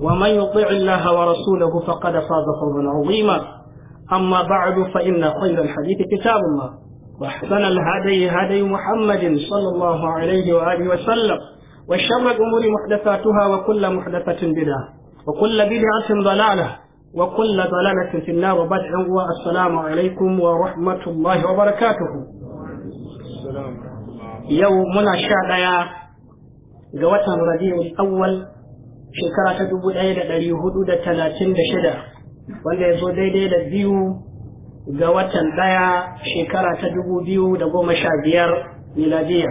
ومن يطع الله ورسوله فقد فاز فوزا عظيما أما بعد فإن خير الحديث كتاب الله وأحسن الهدي هدي محمد صلى الله عليه وآله وسلم وشر الأمور محدثاتها وكل محدثة بدعة وكل بدعة ضلالة وكل ضلالة في النار بدع والسلام عليكم ورحمة الله وبركاته يومنا شعبيا يا ربيع الأول shekara ta dubu ɗaya da ɗari hudu da talatin da shida wanda ya zo daidai da biyu ga watan ɗaya shekara ta dubu biyu da goma sha biyar miladiya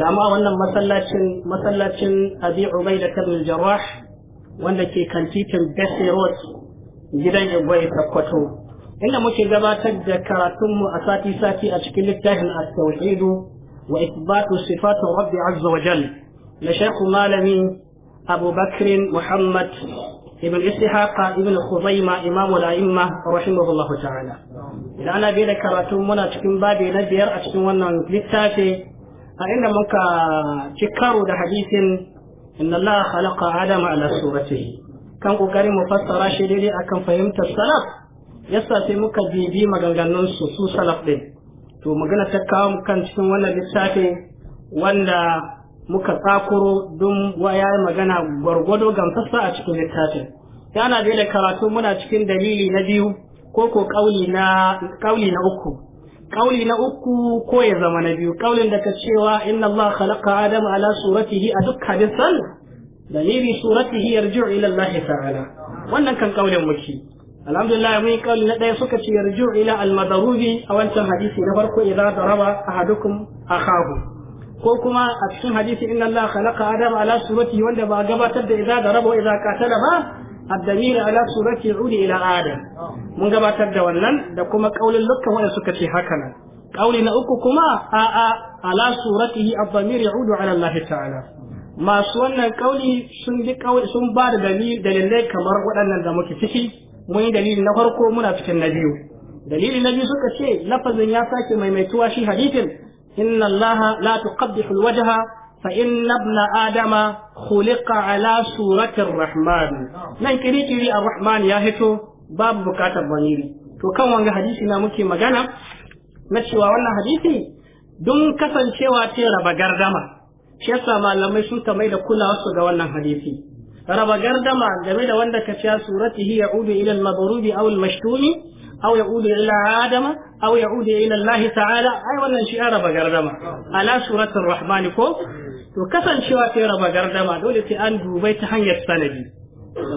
a wannan masallacin masallacin abi ubai da karnin jarrah wanda ke kan titin bessie road gidan igwai sakkwato inda muke gabatar da karatunmu a sati-sati a cikin littafin at-tauhidu wa isbatu sifatun rabbi azza wa na shaikhu malami أبو بكر محمد ابن إسحاق ابن خزيمة إمام الأئمة رحمه الله تعالى إذا أنا بيد كراتون منا تكون بابي نبير أتكون ونا للتافي أين مكا تكارو ده حديث إن الله خلق آدم على صورته كان قريب مفسر شديد أكن فهمت السلف yasa sai muka bibi maganganun su su salaf din to magana ta kawo kan cikin wannan littafi wanda muka sakuro don waya magana gwargwado gamsassa a cikin littafin yana dai da karatu muna cikin dalili na biyu ko ko kauli na kauli na uku kauli na uku ko ya zama na biyu kaulin da ka cewa inna Allah khalaqa adama ala suratihi a duk san. dalili suratihi yarji'u ila Allah ta'ala wannan kan kaulin muke alhamdulillah mun kauli na ɗaya suka ce yarji'u ila al-madarubi a wancan hadisi na farko idan daraba ahadukum akahu ko kuma a cikin hadisi inna Allah khalaqa adama ala surati wanda ba gabatar da idza da idza qatala ba addamir ala surati uli ila adam mun gabatar da wannan da kuma kaulin lukkan wanda suka ce haka nan kauli na uku kuma a a ala suratihi addamir yaudu ala Allah ta'ala masu wannan kauli sun bi kauli sun ba da dalilai kamar waɗannan da muke ciki mun yi dalili na farko muna cikin na biyu dalili na biyu suka ce lafazin ya sake maimaituwa shi hadisin إن الله لا تقبح الوجه فإن ابن Adama, خلق على suratin الرحمن Nan كري a rahman ya hito babu بكاتا بنيري to kan wanga hadisi na muke magana na cewa wannan hadisi don kasancewa ce raba gardama shi yasa malamai sun kamai da kulawa su ga wannan hadisi raba gardama game da wanda ka ciya surati hiya udu idan al-maghrubi aw al-mashtumi aw yaudu adama aw ya'udu ila Allah ta'ala ai wannan shi araba gardama ala suratul rahman ko to kasancewa sai raba gardama dole sai an dubai ta hanyar sanadi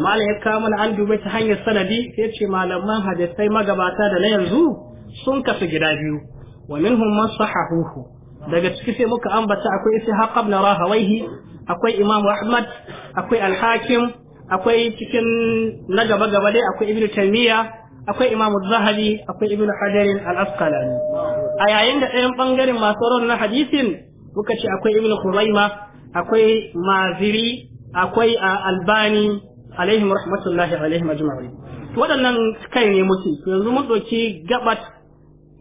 malam ya kawo mana an dubai ta hanyar sanadi sai ce malaman hadisai magabata da na yanzu sun kasu gida biyu wa minhum man sahahuhu daga ciki sai muka ambata akwai ishaq ibn rahawayhi akwai imam ahmad akwai al-hakim akwai cikin na gaba gaba dai akwai ibnu taymiya akwai imamu zahabi akwai ibn hajarin al-asqalani a yayin da ɗayan ɓangaren masu rawar na hadisin muka ce akwai ibn khuzaima akwai maziri akwai albani alaihim rahmatullahi alaihim ajma'in waɗannan kai ne muke yanzu mun ɗauki gabat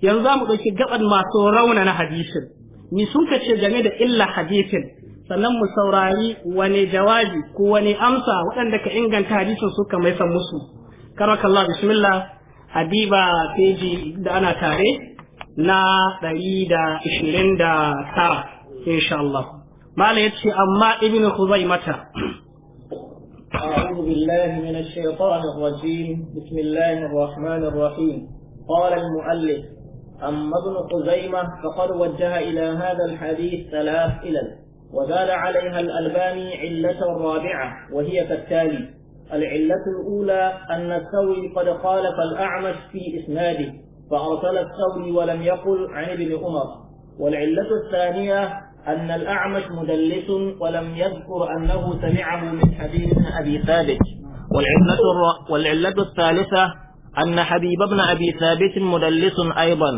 yanzu za mu ɗauki gabat masu rauna na hadisin ni sun ka ce game da illa hadisin sannan mu saurari wani jawabi ko wani amsa waɗanda ka inganta hadisin suka mai san musu karakallah bismillah adiba peji da ana tare na ɗari da ishirin da ان insha Allah ما yace amma ibnu خزيمة أعوذ بالله من الشيطان الرجيم بسم الله الرحمن الرحيم قال المؤلف أما ابن خزيمة فقد وجه إلى هذا الحديث ثلاث إلى وزاد عليها الألباني علة رابعة وهي كالتالي العلة الأولى أن الثوري قد خالف الأعمش في إسناده فأرسل الثوري ولم يقل عن ابن عمر والعلة الثانية أن الأعمش مدلس ولم يذكر أنه سمعه من حبيب بن أبي ثابت والعلة, والعلة الثالثة أن حبيب بن أبي ثابت مدلس أيضا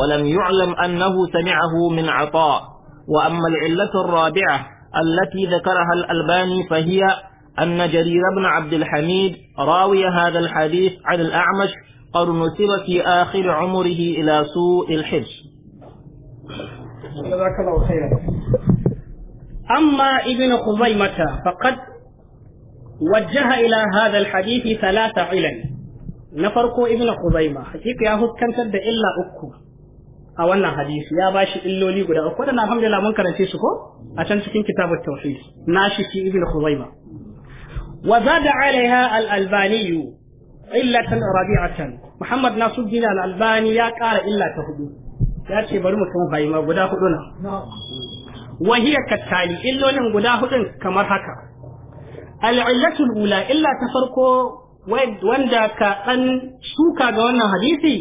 ولم يعلم أنه سمعه من عطاء وأما العلة الرابعة التي ذكرها الألباني فهي أن جرير بن عبد الحميد راوي هذا الحديث عن الأعمش قد نسب في آخر عمره إلى سوء الحج جزاك الله خيرا أما ابن خزيمة فقد وجه إلى هذا الحديث ثلاثة علل نفرق ابن خزيمة حقيقة يا هو كان تبدأ إلا أكو أو wannan حديث يا bashi illoli guda uku أكو. أنا الحمد لله منكر ko a can cikin kitabut tauhid na shi ibn وزاد عليها الألباني علة ربيعة محمد ناصر الدين الألباني يا قال إلا تهدو ya ce bari mu kan fahima guda hudu na wahiya kattali illolin guda hudun kamar haka al'illatul ula illa ta farko wanda ka ɗan suka ga wannan hadisi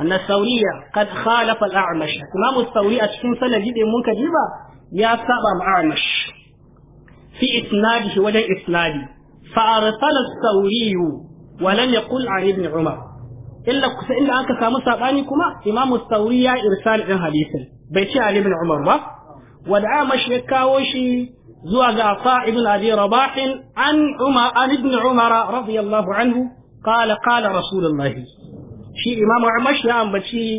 anna sauriya kad khalafa al-a'mash imam sauri a cikin sanadi da mun kaji ba ya saba ma a'mash fi isnadihi wajen isnadi فأرسل الثوري ولم يقل عن ابن عمر إلا إلا أنك سامو ساباني كما إمام الثوري إرسال عن حديث بيتي عن ابن عمر ما ودعا مشركا وشي زوج عطاء بن أبي رباح عن عمر عن ابن عمر رضي الله عنه قال قال رسول الله شي إمام عمش يا أم بتشي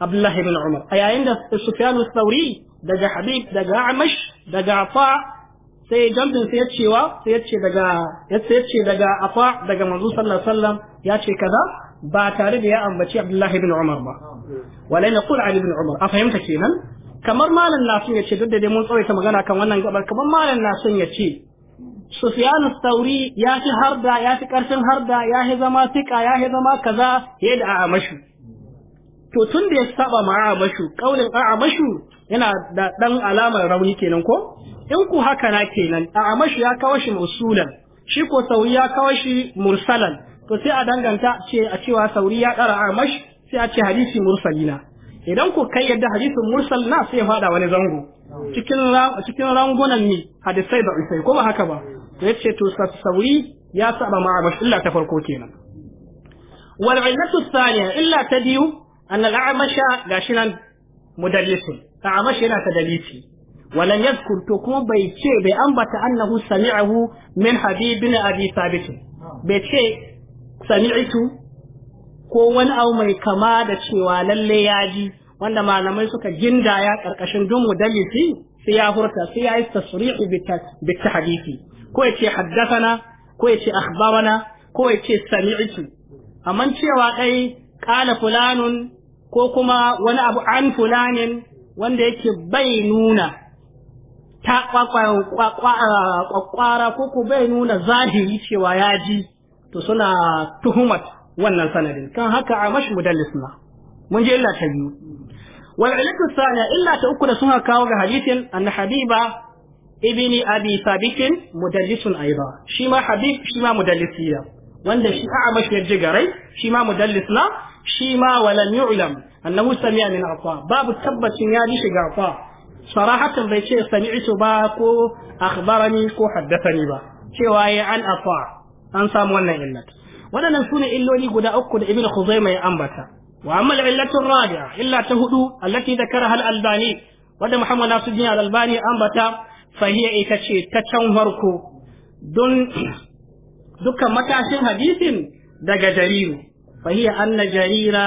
عبد الله بن عمر أي عند سفيان الثوري دجا حبيب دجا عمش دجا عطاء sai jamdin sai yacewa sai yace daga yace yace daga afa daga manzo sallallahu alaihi wasallam ya ce kaza ba tare da ya ambaci Abdullahi ibn Umar ba wala qul Ali ibn Umar a fahimta kenan kamar malam nasun ya duk da dai mun tsawaita magana kan wannan gabar kamar malam nasun ya ce Sufyan Thauri ya fi harda ya fi karfin harda ya fi zama tika ya fi zama kaza ya da a mashu to tun da ya saba ma a mashu kaulin a mashu yana da ɗan alamar rauni kenan ko in ku haka na kenan a amashi ya kawo shi musulan shi ko sauri ya kawo shi mursalan to sai a danganta ce a cewa sauri ya kara amash sai a ce hadisi mursalina idan ku kai yadda hadisin mursal na sai ya fada wani zango cikin cikin rangunan ni hadisai da isai ko ba haka ba to yace to sauri ya saba ma amash illa ta farko kenan wal illatu thaniya illa ta biyu an al-a'masha gashinan ta'amashi yana ta daliti walan yadhkur to kuma bai ce bai ambata annahu sami'ahu min habibin abi bai ce sami'tu ko wani abu mai kama da cewa lalle ya ji wanda malamai suka gindaya karkashin dumu dalisi sai ya hurta sai ya yi tasri'u bi tahdisi ko ya ce haddathana ko ya ce akhbarana ko ya ce sami'tu amma cewa kai qala fulanun ko kuma wani abu an fulanin wanda yake bai nuna ta kwakwara kuku bai nuna zahiri cewa ya ji to suna tuhumar wannan sanadin kan haka a mashi mudallis na mun je illa ta biyu wal ilatu saniya illa ta uku da suka kawo ga hadisin an habiba ibn abi sabitin mudallisun aiba shi ma habib shi ma mudallisi wanda shi a mashi ya garai shi ma mudallis na shi ma walam yu'lam annahu sami'a min afa babu tabbacin ya ji shiga afa sarahatan bai ce sami'tu ba ko akhbarani ko haddathani ba cewa ya an afa an samu wannan illat waɗannan sune illoli guda uku da ibnu khuzaimah ya ambata wa amma illatu rabi'a illa ta hudu allati dhakaraha al-albani wanda muhammad nasiruddin al-albani ambata fahiya ita ce ta can farko don dukkan matashin hadisin daga jariru fahiya anna jarira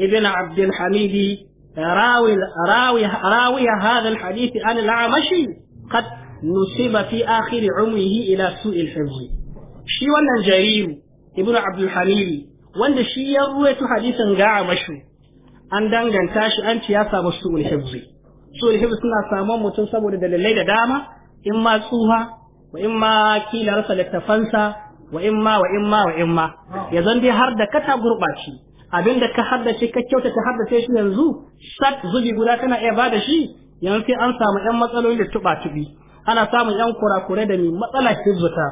ابن عبد الحميد راوي راوي راوي هذا الحديث عن الأعمشي قد نسب في آخر عمره إلى سوء الحفظ wannan جرير ابن عبد الحميد wanda shi ya ruwaito hadisin ga amashu an danganta shi an ci ya samu su'ul hifzi su'ul suna samun mutum saboda dalilai da dama ima ma tsuha wa in ma kila rasa littafansa wa in ma ya zan dai har da kata gurɓaci abinda ka haddace ka kyauta ka haddace shi yanzu sat zubi guda kana iya bada shi yanzu sai an samu yan matsaloli da tuba tubi ana samun yan kurakurai da mai matsala hizzuta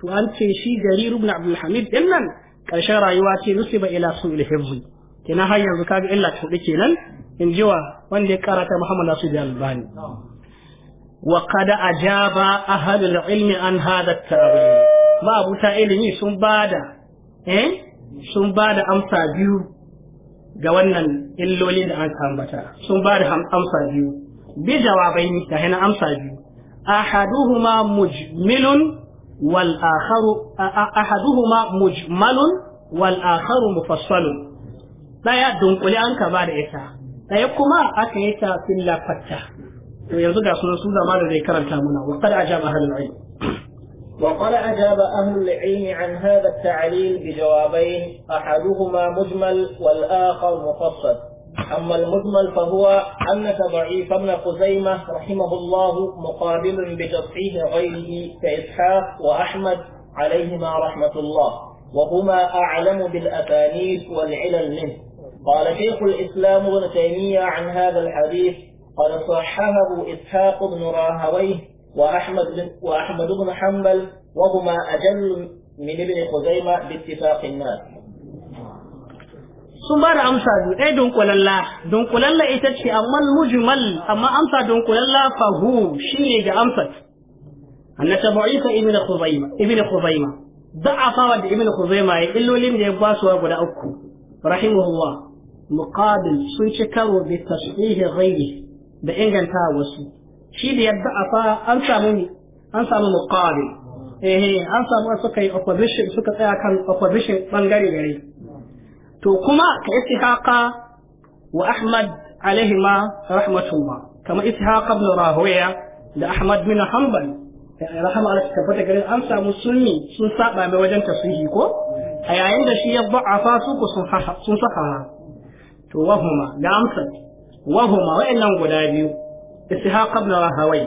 to an ce shi gari rubna Abdulhamid hamid din nan karshen rayuwa ce nusiba ila ila hizbi kenan har yanzu kaga illa ta kenan in jiwa wanda ya karata muhammad nasu da albani wa qad ajaba ahlul ilmi an hada at ba. ma abuta ilimi sun bada eh sun ba da amsa biyu ga wannan illoli da an ambata sun ba da amsa biyu bi jawabai ni ta hana amsa biyu ahaduhuma mujmilun wal akharu ahaduhuma mujmalun wal akharu mufassalun daya dunkule an ka ba da ita daya kuma aka yi ta filla lafatta. to yanzu ga sunan su zama da zai karanta muna wa qad ajaba ahlul ilm وقد أجاب أهل العلم عن هذا التعليل بجوابين أحدهما مجمل والآخر مفصل أما المجمل فهو أن ضعيف ابن خزيمة رحمه الله مقابل بتصحيح غيره كإسحاق وأحمد عليهما رحمة الله وهما أعلم بالأسانيد والعلل منه قال شيخ الإسلام ابن تيمية عن هذا الحديث قد صححه إسحاق بن راهويه وأحمد بن وأحمد بن حنبل وهما أجل من ابن خزيمة باتفاق الناس sun ba da amsa ɗaya dunkulalla dunkulalla ita ce amma mujmal amma amsa dunkulalla fahu shi ne ga amsar annata ba'isa ibn khuzaima ibn khuzaima da'afawa da ibn khuzaima ya illolin da ya basuwa guda uku rahimahullah muqabil sun ci karo bi tasbih ghayri da inganta wasu shi da yadda a fa an samu an samu muqabil eh an samu suka yi opposition suka tsaya kan opposition bangare gare to kuma ka istihaqa wa ahmad alaihima rahmatullah kama ishaq ibn rahoya da ahmad bin hanbal eh, rahama Allah tabbata gare an samu sunni sun saba mai wajen tasihi ko a yayin da shi ya ba'afa su ku sun sun sahaha to wahuma da amsa wahuma wa'annan guda biyu ishaq ibn rahawai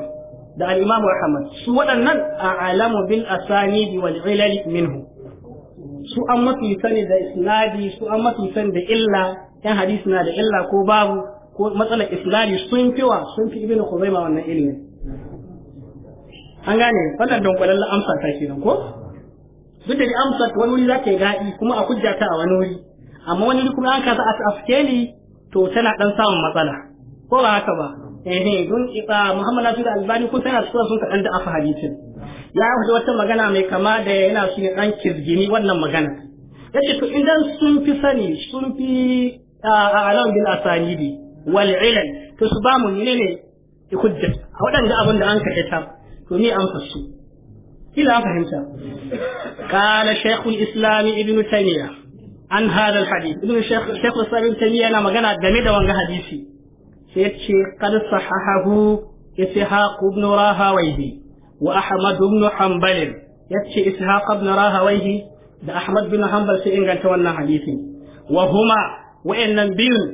da al-imam ahmad su waɗannan a'lamu bil asanid wal ilal minhu su an mafi sani da isnadi su an mafi sani da illa yan hadisi na da illa ko babu ko matsalar isnadi sun fiwa sun fi ibnu khuzaimah wannan ilmin an gane amsa ta ko duk da ni amsa wani za ta yi daɗi kuma a hujja ta a wani wuri amma wani duk kuma an kasa a askeli to tana ɗan samun matsala ko ba haka ba eh don ifa Muhammad Nasir Albani kun tana cikin sun kadan da afa hadisin ya faɗi wata magana mai kama da yana su ne dan kirgini wannan magana yace to idan sun fi sani sun fi alam bil asanidi wal ilal to su ba mu ne ne hujja a waɗanda abin da an kaɗe ta to ni an fasu kila fahimta qala shaykhul islam ibn taymiyyah an hadha al hadith ibn shaykh shaykh al-islam ibn taymiyyah yana magana game da wanga hadisi sai ce qad sahahahu wa ahmad ibn hanbal yace ishaq da ahmad ibn hanbal inganta wannan hadisi wa huma biyun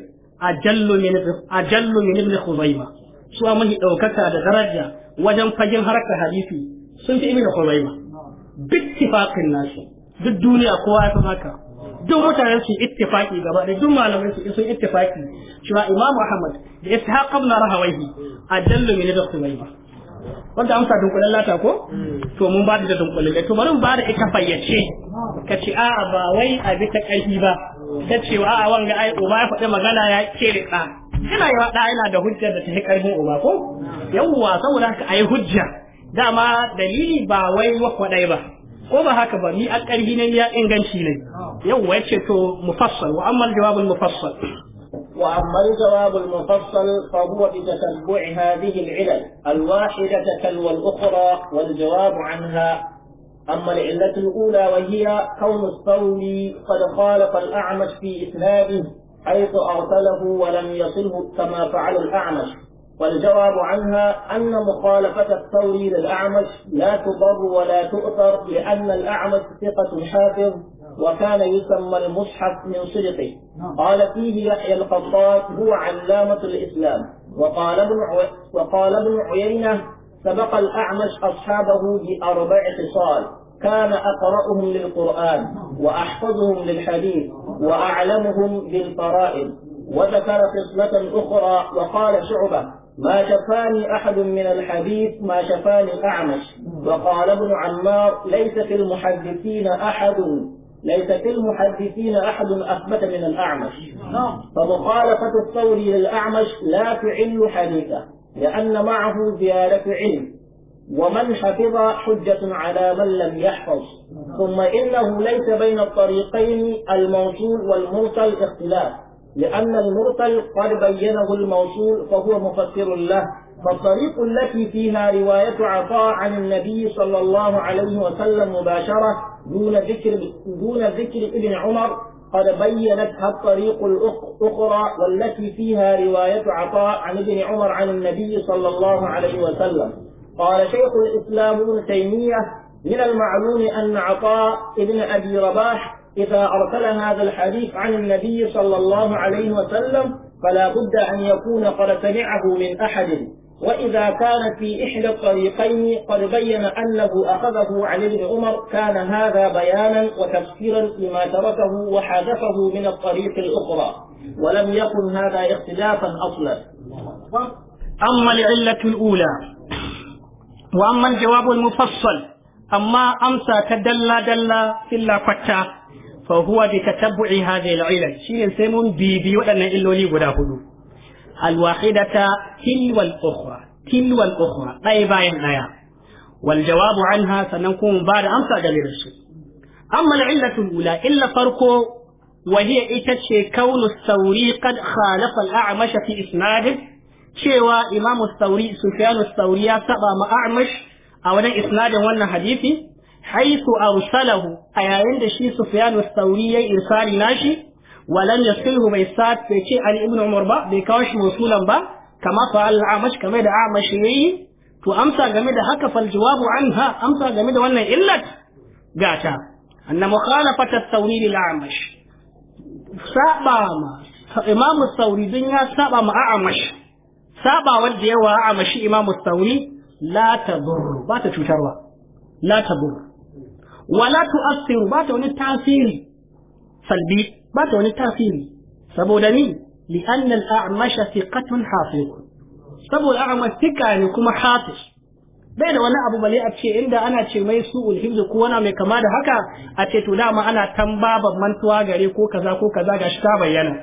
ajallu min ajallu min ibn da daraja wajen fagen harkar hadisi sun fi ibn khuzaimah bittifaqin nasu duk duniya kowa ya duk mutanen su ittifaki gaba da duk malamai su sun ittifaki cewa imamu ahmad da ishaq ibn rahawayhi adallu min al-khulayma wanda amsa dunkulen lata ko hmm. to mun ba da dunkulen to bari mu ba da ita fayyace ka ci a'a ba wai a bi ta ƙarfi ba ta ce wa a'a wanga ai uba ya faɗi magana ya kere ɗa ina yawa ɗa yana da hujjar da ta fi uba ko yawwa saboda ka a yi hujja dama dalili ba wai wa kwaɗai ba ko ba haka ba ni a ƙarfi ne ya inganci ne yawwa yace to mufassal wa amma al-jawab al-mufassal وأما الجواب المفصل فهو بتتبع هذه العلل الواحدة تلو الأخرى والجواب عنها أما العلة الأولى وهي كون الثوري قد خالف الأعمش في إسناده حيث أرسله ولم يصله كما فعل الأعمش والجواب عنها أن مخالفة الثوري للأعمش لا تضر ولا تؤثر لأن الأعمش ثقة حافظ وكان يسمى المصحف من صدقه نعم. قال فيه يحيى القطاط هو علامة الإسلام وقال ابن وقال ابن عيينة سبق الأعمش أصحابه بأربع خصال كان أقرأهم للقرآن وأحفظهم للحديث وأعلمهم بالفرائض وذكر خصلة أخرى وقال شعبة ما شفاني أحد من الحديث ما شفاني أعمش وقال ابن عمار ليس في المحدثين أحد ليس في المحدثين أحد أثبت من الأعمش فمخالفة الثوري للأعمش لا تعل حديثه لأن معه زيادة علم ومن حفظ حجة على من لم يحفظ ثم إنه ليس بين الطريقين الموصول والمرسل اختلاف لأن المرسل قد بينه الموصول فهو مفسر له فالطريق التي فيها رواية عطاء عن النبي صلى الله عليه وسلم مباشرة دون ذكر دون ذكر ابن عمر قد بينتها الطريق الأخرى والتي فيها رواية عطاء عن ابن عمر عن النبي صلى الله عليه وسلم قال شيخ الإسلام ابن تيمية من المعلوم أن عطاء ابن أبي رباح إذا أرسل هذا الحديث عن النبي صلى الله عليه وسلم فلا بد أن يكون قد سمعه من أحد وإذا كان في إحدى الطريقين قد بين أنه أخذه عن ابن عمر كان هذا بيانا وتفسيرا لما تركه وحذفه من الطريق الأخرى ولم يكن هذا اختلافا أصلا أما العلة الأولى وأما الجواب المفصل أما أمسى كدلا دلا إلا فتاة fa huwa bi tatabbu'i hadhihi al-ilal shine sai mun bibi waɗannan illoli guda hudu al ta tilwal ukhra tilwal ukhra ɗaya bayan ɗaya wal jawabu anha sannan kuma ba da amsa da su amma al ula illa farko وهي إتتشي كون الثوري قد خالف الأعمش في إسناده شوى إمام الثوري سفيان الثوري سبا ما أعمش أو إسناده وانا حديثي haisu arsalahu a yayin da shi Sufyanu sauri ya irsali nashi walam yasilhu bai sace ce ali ibn umar ba bai kawo shi musulan ba kama fa al-amash kamar da amash yayi to amsa game da haka fal jawabu anha amsa game da wannan illat gata anna mukhalafata sauri lil amash saba ma imam sauri din ya saba ma amash saba wanda yawa amashi imam sauri la tadur ba ta cutarwa la tadur wala tu'assiru ba ta wani tasiri salbi ba ta wani tasiri saboda ni li anna al-a'mash thiqatun hafiz saboda a'mash thika ne kuma hafiz bai da wani abu bale a ce inda ana ce mai su'ul hifz ko wani mai kama da haka a ce to dama ana tambaban mantuwa gare ko kaza ko kaza gashi ta bayyana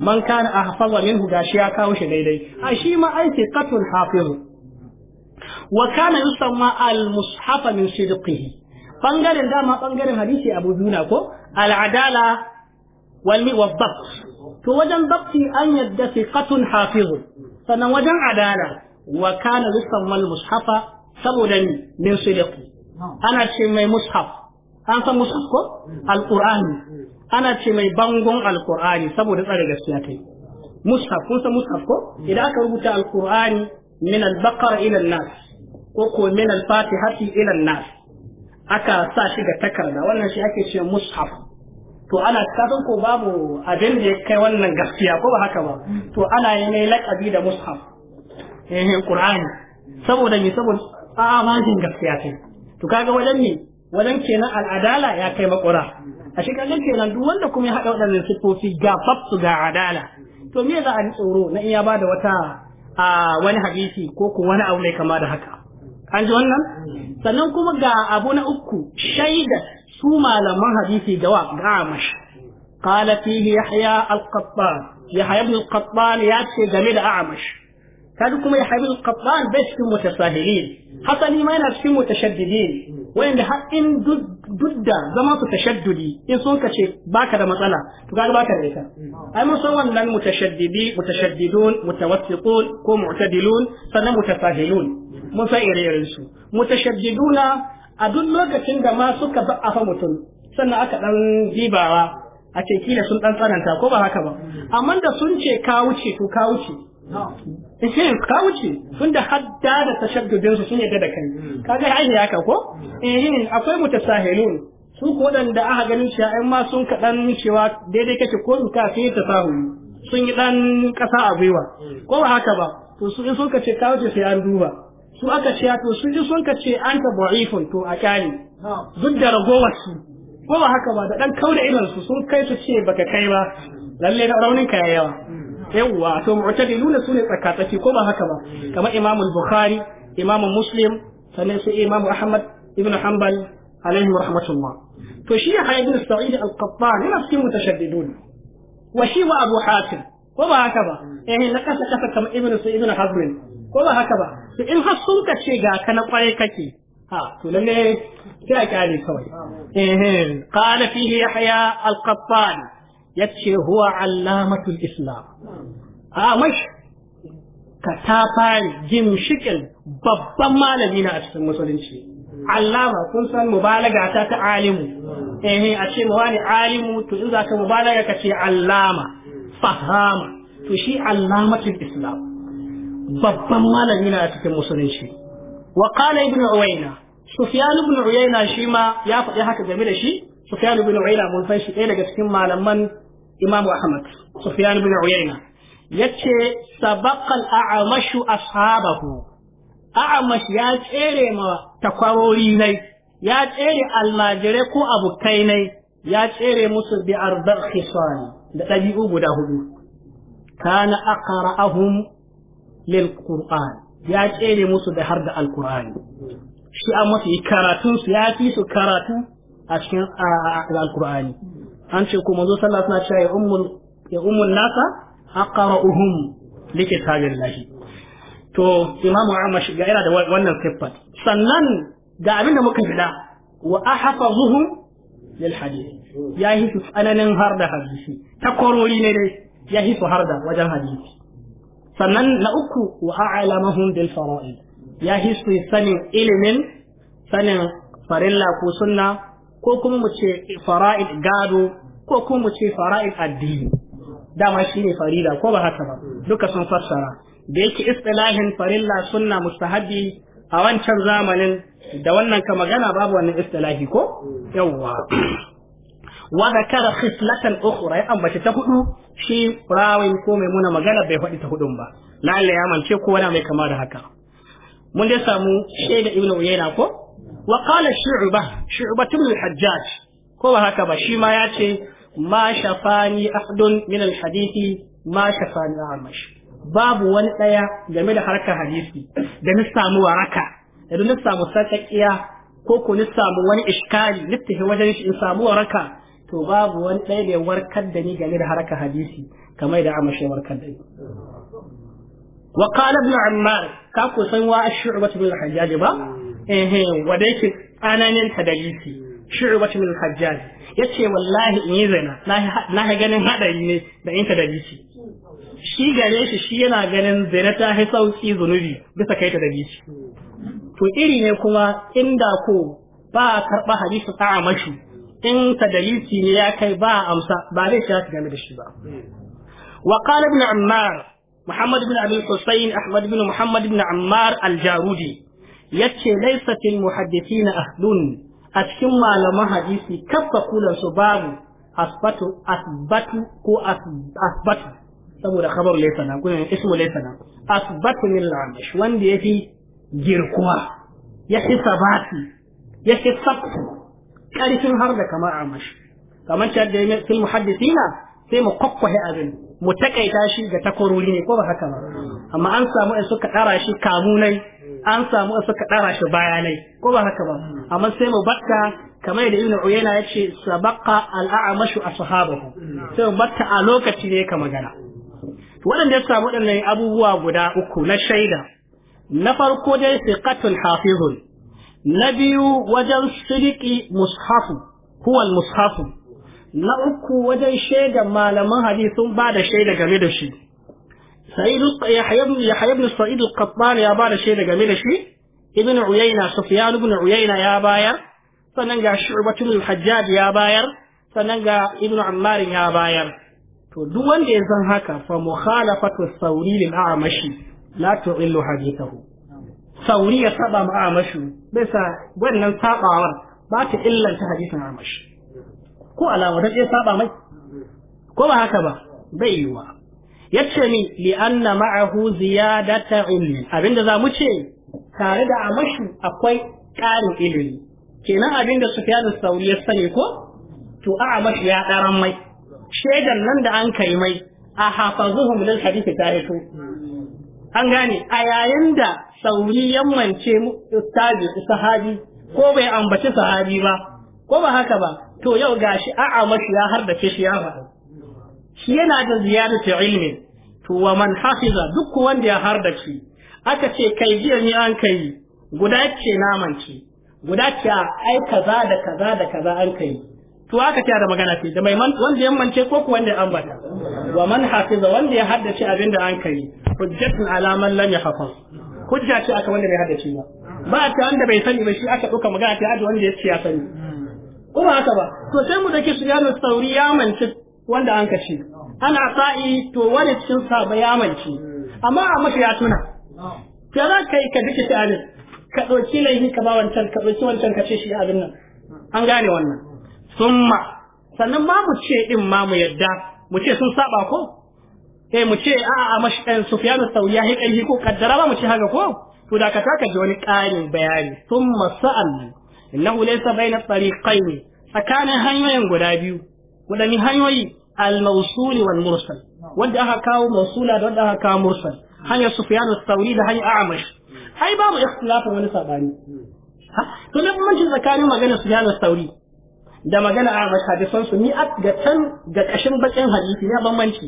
man kana ahfaza minhu gashi ya kawo shi daidai a shi ma ai thiqatun hafiz wa kana yusamma al-mushafa min sidqihi bangaren dama bangaren hadisi abu juna ko al'adala wa mi to wajen dabti an yadda thiqatun hafizu sannan wajen adala wa kana yusamma al mushafa saboda ni min sidqi ana ce mai mushaf an san mushaf ko alqur'ani ana ce mai bangon alqur'ani saboda tsare gaskiya kai mushaf kun san mushaf ko idan aka rubuta alqur'ani min al-baqara ila an-nas ko ko min al-fatihati ila an-nas aka sa shi ga takarda wannan shi ake cewa mushaf to ana kasan ko babu abin da ya kai wannan gaskiya ko ba haka ba mm. to ana yi ne laƙabi da mushaf eh qur'ani saboda ni saboda tsamashin gaskiya ce to kaga wajen ne wajen kenan al'adala ya kai makura a shi kaga kenan duk wanda kuma ya haɗa waɗannan siffofi ga fafsu ga adala to me za a ji tsoro na in ya da wata a wani hadisi ko ko wani aure kama da haka an ji wannan sannan kuma ga abu na uku shaida su malaman hadisi ga wa gamash qala fihi yahya al-qattan yahya ibn al-qattan ya ce game da amash kaji kuma yahya ibn al-qattan bai cikin mutasahilin hasali ma yana cikin mutashaddidin wayanda har in duk da zama su tashaddudi in sun ka ce baka da matsala to kaga baka da ita ai mun san wannan mutashaddidi mutashaddidun mutawassiqun ko mu'tadilun sannan mutasahilun mun san ire-iren su mutashaddiduna a duk lokacin da ma suka ba'afa mutum sannan aka dan dibawa a ce kila sun dan tsananta ko ba haka ba amma da sun ce ka wuce to ka wuce sai ka wuce tun da hadda da tashaddudin su sun yadda da kai Ka hmm. kaga ai haka ko hmm. eh akwai mutasahilun su ko da aka ganin shi ai ma sun kadan cewa daidai kake ko ka sai ta sahuni sun yi dan kasa a gwiwa hmm. ko ba haka ba to su in sun kace ka wuce sai an duba su aka ce to su in sun kace an ta bu'ifun to a kyale duk da ragowar su ko ba haka ba da dan kauda irin su sun kai su ce baka kai ba lalle raunin ka yawa yawwa to mu'tadiluna sune tsakatsaki ko ba haka ba kamar imamu bukhari imamu muslim sannan su imamu ahmad ibn hanbal alaihi rahmatullah to shi ya hayyar sa'id al-qattan yana cikin mutashaddidun wa shi wa abu hatim ko ba haka ba eh na kasa kasa kamar ibn su ibn hazm ko ba haka ba to in har sun ka ce ga kana kware kake ha to lalle kira kyale kawai eh, eh qala fihi yahya al-qattan yace huwa allamatul islam amash ka ta fari shikil babban malami na a cikin musulunci allama kun san mubalaga ta ta alimu eh a ce mu wani alimu to in za ka mubalaga ka ce allama fahama to shi alamatul islam babban malami na a cikin musulunci wa qala ibnu uwayna sufyan ibnu uyayna shi ma ya faɗi haka game da shi sufyan bin uyayna mun san shi ɗaya daga cikin malaman imam ahmad sufyan bin uyayna yace sabaqa al-a'mash ashabahu a'mash ya tsere ma takwarori nai ya tsere almajire ko abukai nai ya tsere musu bi arba'a khisani da dabi'u guda hudu kana aqra'ahum lil qur'an ya tsere musu da har da alqur'ani shi amma mafi karatu su ya fi su karatu a cikin alqur'ani an ce ko manzo sallallahu alaihi wasallam ya ummul ya ummul nasa aqra'uhum li kitabillah to imamu ahmad ga ira da wannan sifat sannan ga abin da muka fida wa ahfazuhum lil hadith ya yi su tsananin har da hadisi takwarori ne dai ya yi su har da wajen hadisi sannan na uku wa a'lamahum bil fara'id ya yi su sanin ilimin sanin farilla ko sunna ko kuma mu ce fara'il gado ko kuma mu ce fara'il addini dama shi ne farida ko ba haka ba duka sun fassara da yake istilahin farilla sunna mustahabi a wancan zamanin da wannan ka magana babu wannan istilahi ko yawwa wa kada khislatan ukhra ya ambace ta hudu shi rawin ko mai muna magana bai faɗi ta hudun ba lalle ya mance ko wani mai kama da haka mun dai samu shaida ibnu uyayna ko wa qala shu'ba shu'ba ibn al-hajjaj ko ba haka ba shi ma ya ce ma shafani ahdun min al-hadisi ma shafani amash babu wani daya game da harkar hadisi da na samu waraka da na samu sakakkiya ko ko na samu wani iskali littafi wajen shi in samu waraka to babu wani ɗaya da warkar da ni game da da warkar da ni wa qala ibn ammar ka ku ba eh yake tsananin tadalisi shu'bat min al Ya yace wallahi in yi zina na ganin haɗari ne da in tadalisi shi gare shi shi yana ganin zina ta fi sauki zunubi bisa kai tadalisi to iri ne kuma inda ko ba a karɓa hadisi ta mashi in tadalisi ne ya kai ba a amsa ba zai shi su game da shi ba وقال ابن عمار محمد بن أبي الحسين أحمد بن محمد بن عمار الجارودي yace laysa fil muhaddithina ahdun a cikin malaman hadisi kafa kulan su babu asbatu asbatu ko asbatu saboda khabar laysa na kuna ismu laysa na asbatu min al-amash wanda yafi girkuwa yafi sabati yafi sabtu karfin har da kamar amash kamar ta da fil muhaddithina sai mu kokkohe abin mu takaita shi ga takwarori ne ko ba haka ba amma an samu in suka kara shi kamunai an samu wasu ka ɗara shi bayanai ko ba haka ba amma sai mu bakka kamar da ibnu uyayna yace sabaqa al a ashabahu sai mu bakka a lokaci ne ka magana waɗanda ya samu waɗannan abubuwa guda uku na shaida na farko dai siqatul hafizun na biyu wajen sidiki mushafu huwa mushafu na uku wajen shaidan malaman hadisi sun ba da shaida game da shi سعيد يحيى بن يحيى بن سعيد القطان يا بعد شيء daga da shi ibn uyayna sufyan ibn uyayna ya bayar sannan ga shu'batul hajjaj ya bayar sannan ga ibn ammar ya bayar to duk wanda ya san haka fa mukhalafatu sauri lil a'mashi la tu'illu hadithahu sauri ya saba ma a'mashu bisa wannan sabawar ba ta illanta hadisin a'mashi ko alama da ya saba mai ko ba haka ba bai yiwa yace min li anna ma'ahu ziyadata ilmi abinda za mu ce tare da amashi akwai ƙarin ilimi kenan abinda Sufyan sauri sauri ya sani ko to a amashi ya daran mai shedan nan da an kai mai a hafazuhum lil hadisi tarihu an gane a yayin da sauri yammance ustazi sahabi ko bai ambaci sahabi ba ko ba haka ba to yau gashi a amashi ya harbace shi ya shi yana da ziyadatu ilmi to wa man hafiza duk wanda ya shi. aka ce kai jiya ni an kai guda ce namanci guda ce ai kaza da kaza da kaza an kai to aka ce da magana ce da mai wanda ya mance ko ku wanda ya ambata wa man hafiza wanda ya haddace abin da an kai hujjatun ala man lam yahfaz hujja ce aka wanda bai shi ba ba ta wanda bai sani ba shi aka ɗauka magana ta aji wanda ya ce ya sani ko ba haka ba to sai mu dake shiga yaro sauri ya mance wanda an kace ana sa'i to wani cikin sa ya mance amma a maka ya tuna ya za ka yi ka duka sha'anin ka ɗauki laifi ka ba wancan ka ɗauki wancan ka ce shi abin nan an gane wannan summa sannan ma mu ce din ma mu yadda mu ce sun saba ko eh mu ce a'a a mashi ɗan eh, sufiyanu sauya ya yi ko kaddara ba mu ce haka ko to da ka taka ji wani ƙarin bayani summa sa'an innahu laysa bayna tariqaini tsakanin hanyoyin guda biyu waɗanne hanyoyi al-mawsuli wal mursal wanda aka kawo mawsula da wanda aka kawo mursal hanyar sufyan as-sauri da hanyar amash ai babu ikhtilafin wani sabani to ne bambanci tsakanin magana sufyan as-sauri da magana amash hadisan su ni ga can ga kashin bakin hadisi ya bambanci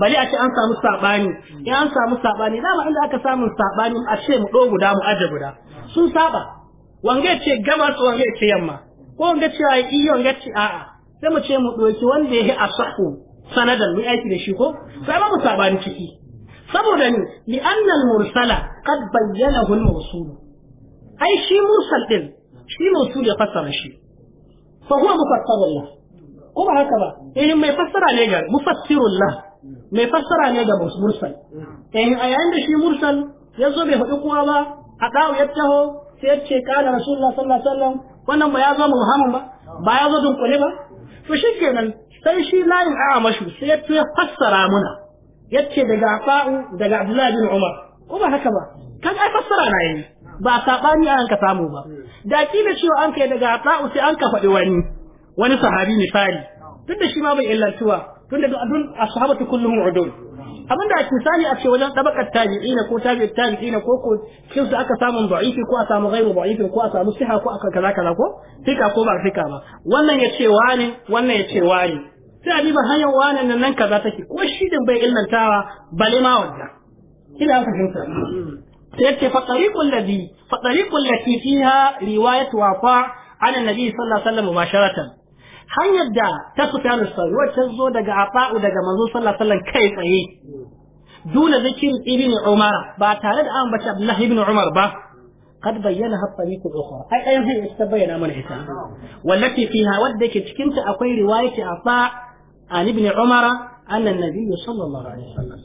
bali a ce an samu sabani in an samu sabani dama inda aka samu sabani a ce mu ɗo guda mu aje guda sun saba wange ce gama gabas wange ce yamma ko wange ce ai iyo wange ce a'a sai mu ce mu ɗauki wanda ya yi a sahu sanadan mu aiki da shi ko sai mu mu ni ciki saboda ni li annal mursala qad bayyana hul mawsul ai shi mursal din shi mawsul ya fassara shi fa huwa mufassirullah ko ba haka ba eh mai fassara ne ga mufassirullah mai fassara ne ga mursal eh a yayin da shi mursal ya zo bai faɗi kowa ba a dawo ya taho sai ya ce kana rasulullah sallallahu alaihi wasallam wannan ba ya zo muhammad ba ba ya zo dunkule ba to kenan sai shi layin a'amashu sai ya fassara muna yace daga fa'u daga Abdullahi bin Umar ko ba haka ba kan ai fassara na yi ba sabani an ka samu ba da kila cewa an kai daga fa'u sai an ka faɗi wani wani sahabi misali tunda shi ma bai illantuwa tunda duk ashabatu kullum udul abinda ake sani a ce wajen tabakar tabi'ina ko tabi'ut tabi'ina ko ko kin su aka samu da'ifi ko a samu ghairu da'ifi ko a samu siha ko aka kaza kaza ko fika ko ba fika ba wannan ya ce wani wannan ya ce wani sai a ba hanyar wani nan nan kaza take ko shi din bai illantawa bale ma wanda kina aka fahimta sai ce fa tariqul ladhi fa tariqul lati fiha riwayat wafa an annabi sallallahu alaihi wasallam mubasharatan hanyar da ta Sufyan al-Thawri wacce zo daga Afa'u daga manzo sallallahu alaihi kai tsaye duna zikir ibn Umar ba tare da an bata Abdullah ibn Umar ba kad bayyana haffani kul ukhra ai ayan hayya ta bayyana mana ita wallati fiha wadda ke cikin ta akwai riwayati Afa an ibn Umar anna an-nabiy sallallahu alaihi wasallam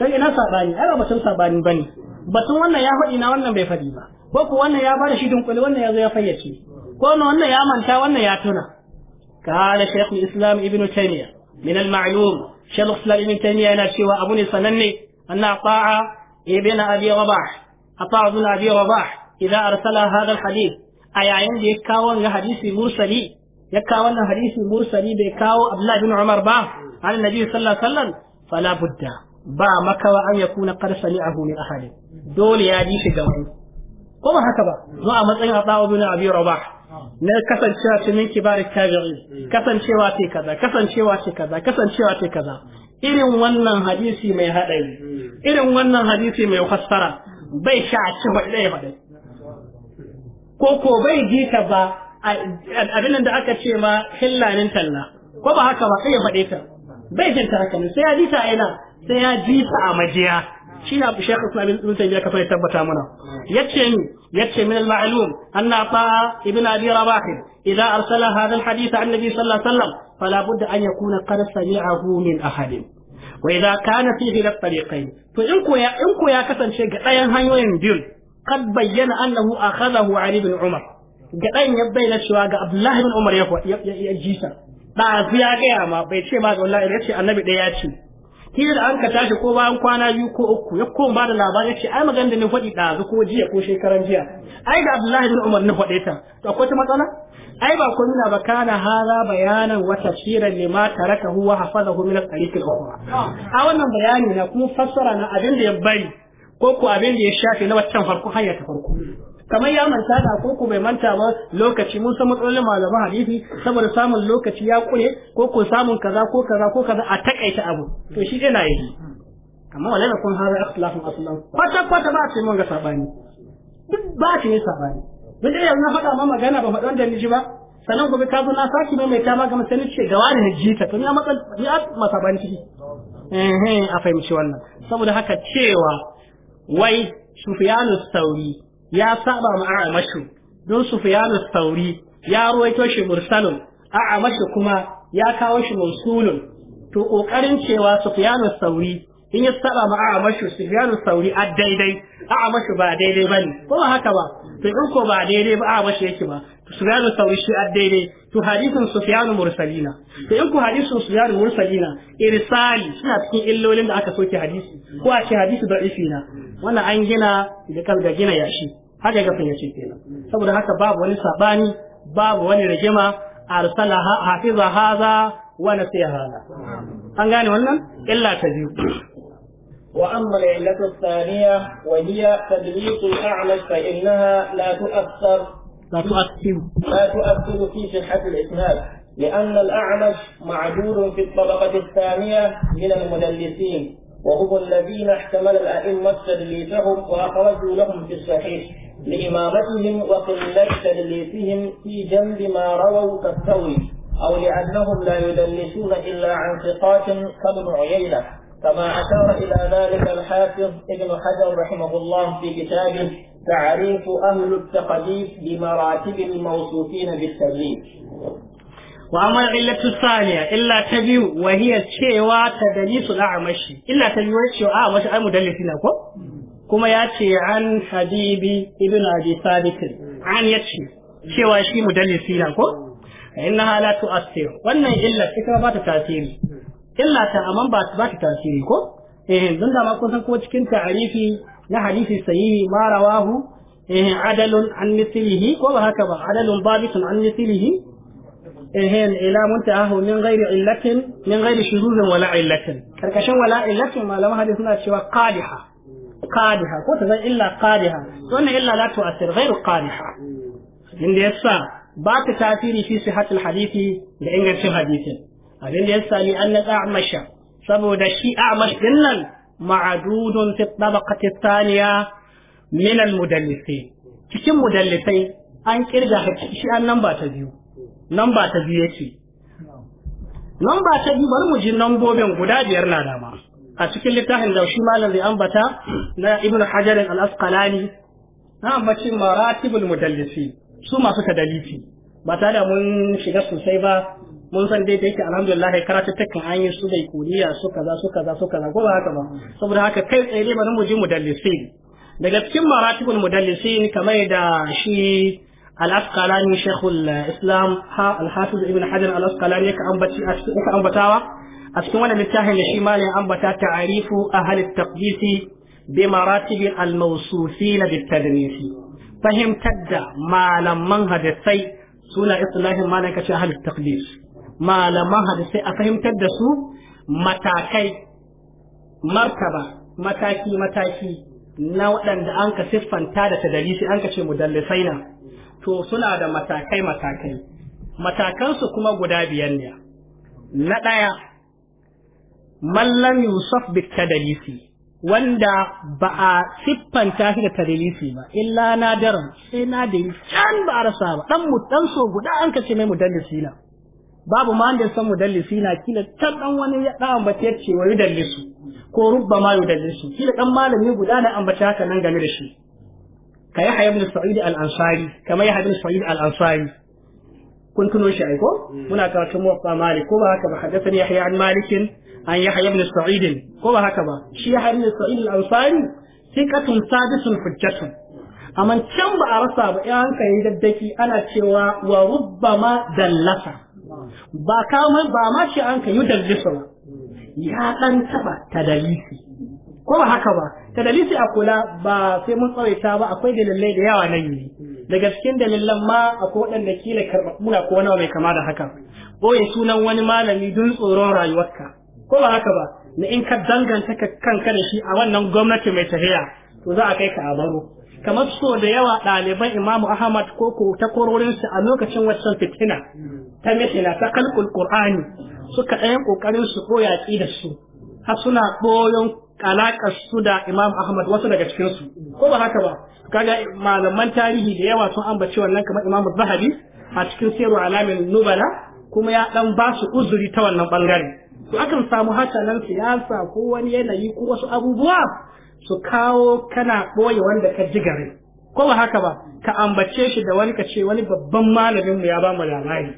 sai ina sabani ai ba san sabani bane batun wannan ya faɗi na wannan bai faɗi ba ko ko wannan ya fara shi dunkule wannan ya zo ya fayyace ko wannan ya manta wannan ya tuna قال شيخ الإسلام ابن تيمية من المعلوم شيخ الإسلام ابن تيمية أنا شوى أبوني سنني أن أطاع ابن أبي رباح أطاع ابن أبي رباح إذا أرسل هذا الحديث أي عند يكاون حديث مرسلي يكاون حديث مرسلي بكاو عبد الله بن عمر با عن النبي صلى الله عليه وسلم فلا بد با مكوى أن يكون قد سمعه من أحد دول يا ديش جوان kuma haka ba zuwa matsayin a ibn abi rabah na kasancewa ce min kibar tabi'i kasancewa ce kaza kasancewa ce kaza kasancewa ce kaza irin wannan hadisi mai hadari irin wannan hadisi mai fassara bai sha a ci faɗi ɗaya ko ko bai ji ka ba abin da aka ce ma hillanin talla ko ba haka ba sai ya faɗe ta bai jin ta haka ne sai ya ji ta ina sai ya ji ta a majiya shi abu shekh islam ibn ya kafa ya tabbata mana yace ni yace min al-ma'lum anna ta'a ibn abi rabah idza arsala hadha al-hadith an nabi sallallahu alaihi wasallam fala budda an yakuna qad sami'ahu min ahadin wa idza kana fihi al-tariqayn to in ko ya in ko ya kasance ga dayan hanyoyin biyun. kad bayyana annahu akhadahu ali ibn umar ga dayan ya bayyana cewa ga abdullahi ibn umar ya jisa da ya ga ma bai ce ma ga wallahi yace annabi da ya ce hira an ka tashi ko bayan kwana biyu ko uku ya ko ba da labarai ce ai magan da ni faɗi ɗazu ko jiya ko shekaran jiya ai da Abdullahi bin Umar na faɗe ta to akwai ta matsala ai ba ko nuna ba kana hada bayanan wa tafsiran ta taraka huwa hafazahu min al-tariq al-ukhra a wannan bayani na kuma fassara na abin da ya bari ko ko abin da ya shafe na waccan farko hanya ta farko kamar ya manta da ko ku bai manta ba lokaci mun san matsalolin malaman hadisi saboda samun lokaci ya kure ko ko samun kaza ko kaza ko kaza a takaita abu to shi dai na yi amma wallahi na kun hada ikhtilafin aslan kwata kwata ba ce mun ga sabani duk ba ce ne sabani mun da yanzu na faɗa ma magana ba faɗan da ni ji ba sannan gobe ka zo na saki mai mai kama ga masani ce gawa da hijjita to ni a matsal ni a masabani ciki eh eh a fahimci wannan saboda haka cewa wai sufiyanu sauri ya saba ma a'amashu don sufyan al-thawri ya ruwaito shi mursalun a'amashu kuma ya kawo shi mausulun to kokarin cewa sufyan sauri in ya saba ma a'amashu sufyan sauri thawri a daidai a'amashu ba daidai bane ko ba haka ba to in ko ba daidai ba a'amashu yake ba sufyan sauri shi a daidai to hadisin sufyan mursalina to in ku hadisin sufyan mursalina irsali suna cikin illolin da aka soke hadisi ko a ce hadisi da na wannan an gina da kan ga gina yashi haka ga sun yace kenan saboda haka babu wani sabani babu wani rigima arsala hafiza hadha wa nasiha hadha an gane wannan illa ta biyu wa hiya الثانية a'la fa innaha la tu'assar la tu'assir la tu'assir fi في al الإسناد لأن الأعمش معدود في الطبقة الثانية من المدلسين وهو الذين احتمل الأئمة تدليسهم وأخرجوا لهم في الصحيح لإمامتهم وقلة تدليسهم في جنب ما رووا كالثور أو لأنهم لا يدلسون إلا عن ثقات كابن عيينة كما أشار إلى ذلك الحافظ ابن حجر رحمه الله في كتابه تعريف أهل التقديس بمراتب الموصوفين بالتدليس وأما العلة الثانية إلا تبي وهي تشيوا تدليس الأعمش إلا تبيو تشيوا أعمش أي مدلسين لكم kuma ya ce an habibi ibn abi sabit an yace cewa shi mudallisi na ko innaha la tu'assir wannan illa ita ba ta tasiri illa ta amma ba ta tasiri ko eh dun da ma kun san ko cikin ta'arifi na hadisi sahihi ma rawahu eh adalun an mithlihi ko ba haka ba adalun babitun an mithlihi eh ila muntahahu min ghairi illatin min ghairi shuzuzin wala illatin karkashin wala illatin malaman hadisi suna cewa qadiha qadiha ko ta zan illa qadiha to wannan illa la tu'athir ghairu qadiha inda yasa ba ta tasiri fi sihhatil hadithi da ingancin hadisin abin da yasa ni an natsa amasha saboda shi amash din nan ma'adudun fi tabaqati thaniya min al mudallisin cikin mudallisai an kirga shi an ba ta biyu ba ta biyu yake ba ta biyu bari mu ji lambobin guda biyar na dama a cikin littafin da shi malam zai ambata na ibn hajar al-asqalani na ambaci maratibul mudallisi su masu tadalisi ba tare da mun shiga sosai ba mun san dai da yake alhamdulillah karatuttukan an yi su bai kuriya su kaza su kaza su kaza ko ba haka ba saboda haka kai tsaye dai bari mu ji mudallisin daga cikin maratibul mudallisin kamar da shi al-asqalani shaykhul islam ha al-hafiz ibn hajar al-asqalani ka ambata yake ambatawa a cikin wannan littafin da shi malam ambata ta'arifu ahli taqdisi bi maratib al-mawsufin bit-tadnis fahimtar da malaman hadisai suna islahin malam kace ahli taqdis malaman hadisai a fahimtar da su matakai martaba mataki mataki na waɗanda an ka siffanta da tadalisi an ka ce mudallisai na to suna da matakai matakai matakansu kuma guda biyar ne na ɗaya mallam yusuf bit tadalisi wanda ba a siffanta shi da tadalisi ba illa nadaran sai na da can ba a rasa ba dan mu dan so guda an kace mai mudallisi na babu ma wanda san mudallisi na kila can dan wani ya dan ambace ce wa yudallisu ko rubba ma yudallisu kila dan malami guda na ambace haka nan game da shi ka yi ibn sa'id al-ansari kama yi ibn sa'id al-ansari kun tuno shi aiko mm. muna karatun muwaffa malik ko ba haka ba haddathani yahya an malikin an yi hayar sa'id ko ba haka ba shi yahya ibn sa'id al-ansari thiqatun sadisun hujjatun amma can ba a rasa ba in kai daddaki ana cewa wa ma dallasa ba kama ba ma ce an kai dallisa ba ya dan taba tadalisi ko ba haka ba tadalisi a kula ba sai mun tsawaita ba akwai dalilai da yawa nan yi daga cikin dalilan ma akwai waɗanda kila karɓaɓɓu na ko wani mai kama da haka ɓoye sunan wani malami don tsoron rayuwarka ko ba haka ba na in ka danganta kanka da shi a wannan gwamnati mai tafiya to za a kai ka a kamar so da yawa ɗaliban imamu ahmad ko ko ta kororinsu a lokacin waccan fitina ta mishina ta kalkul qur'ani suka ɗayan ƙoƙarin su ko yaƙi da su har suna ɓoyon alaƙar su da imam ahmad wasu daga cikinsu ko ba haka ba kaga malaman tarihi da yawa sun ambaci wannan kamar imamu zahabi a cikin siyarwa alamin nubala kuma ya ɗan ba su uzuri ta wannan ɓangare to akan samu haka siyasa ko wani yanayi ko wasu abubuwa su kawo kana ɓoye wanda ka ji gare ko ba haka ba ka ambace shi da wani ka ce wani babban malamin mu ya ba mu labari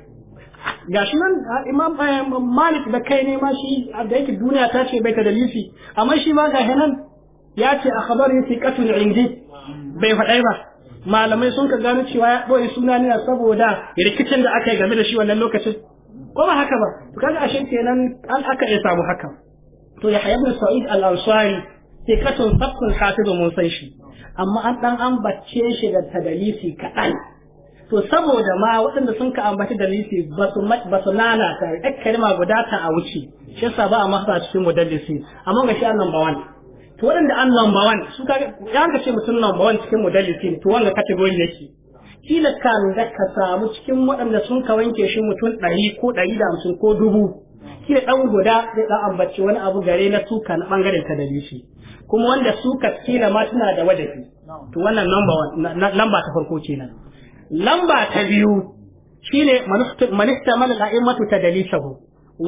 gashi nan imam eh, malik da kai ne ma shi da yake duniya ta ce bai ta dalisi amma shi ma ga nan ya ce a khabar yake katun indi bai faɗai ba malamai sun ka gano cewa ya ɓoye suna ne saboda rikicin da aka yi game da shi wannan lokacin ko ba haka ba to kaga ashe kenan an aka ya samu haka to ya hayyabu sa'id al-ansari sai katon sabkun hafizu mun san shi amma an dan ambace shi da tadalisi kaɗan to saboda ma waɗanda sun ka ambaci dalisi ba su nana su lalata ɗan kalma guda ta a wuce shi yasa ba a masa cikin mudallisi amma ga shi an number one to waɗanda an number one su ka ya ga ce mutum number one cikin mudallisi to wanda category yake kila kan da ka samu cikin waɗanda sun ka wanke shi mutum ɗari ko ɗari da hamsin ko dubu kila ɗan guda zai ɗan ambaci wani abu gare na suka na ɓangaren ta da shi kuma wanda suka kila ma suna da wadafi to wannan lamba ta farko kenan lamba ta biyu shine manista mana a'immatu ta dalisahu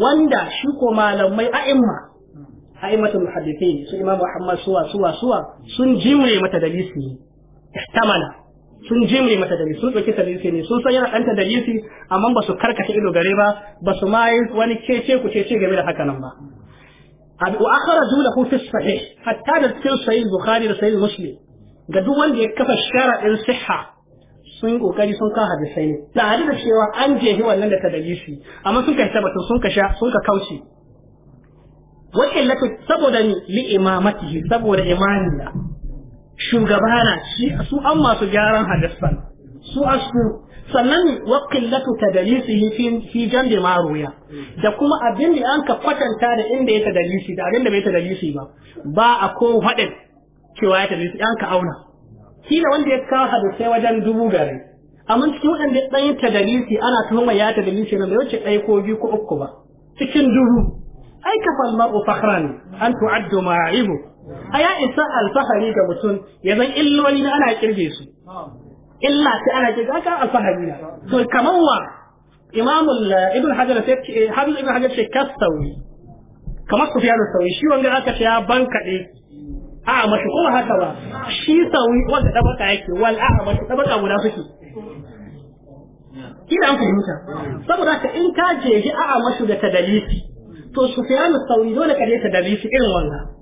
wanda shi ko malamai a'imma a'immatul muhaddithin su imamu muhammad suwa suwa suwa sun jimre mata dalisi istamala sun jimre mata da sun ɗauki tadlisi ne sun san yana ɗan tadlisi amma ba su karkata ido gare ba ba su wani kece ku cece game da haka nan ba wa akhraju lahu fi sahih hatta da cikin sahih bukhari da sahih muslim ga duk wanda ya kafa ɗin sihha sun kokari sun kawo hadisai ne da da cewa an jehi wannan da tadlisi amma sun kai tabbatun sun ka sun ka kauce wa illatu saboda ni li imamatihi saboda imani shugaba na shi su an masu gyaran hadisan su asku sannan wa qillatu tadlisihi fi fi jambi maruya da kuma abin da an ka kwatanta da inda ya tadlisi da abin da bai tadlisi ba ba a ko hadin cewa ya tadlisi an ka auna kila wanda ya kawo hadisai wajen dubu gare amma cikin waɗanda ɗan yi tadalisi ana tuhuma ya tadalisi na bai wuce ɗaya ko biyu ko uku ba cikin dubu ai kafal mar'u fakhran an tu'addu ma'ibu a ya isa alfahari ga mutum ya zan illoli na ana kirge su illa sai ana kirga haka alfahari na to kamar wa imamul eh, ibn hajar sai eh, hafiz ibn hajar sai kasawi kamar sufyan sawi shi wanda aka ce ya bankade a mashi kuma haka ba shi sawi wanda dabaka yake wal a mashi dabaka guda suke kina an fahimta saboda ka in ka jeji a mashi da ta tadalisi to sufyan sawi dole ka je tadalisi irin wannan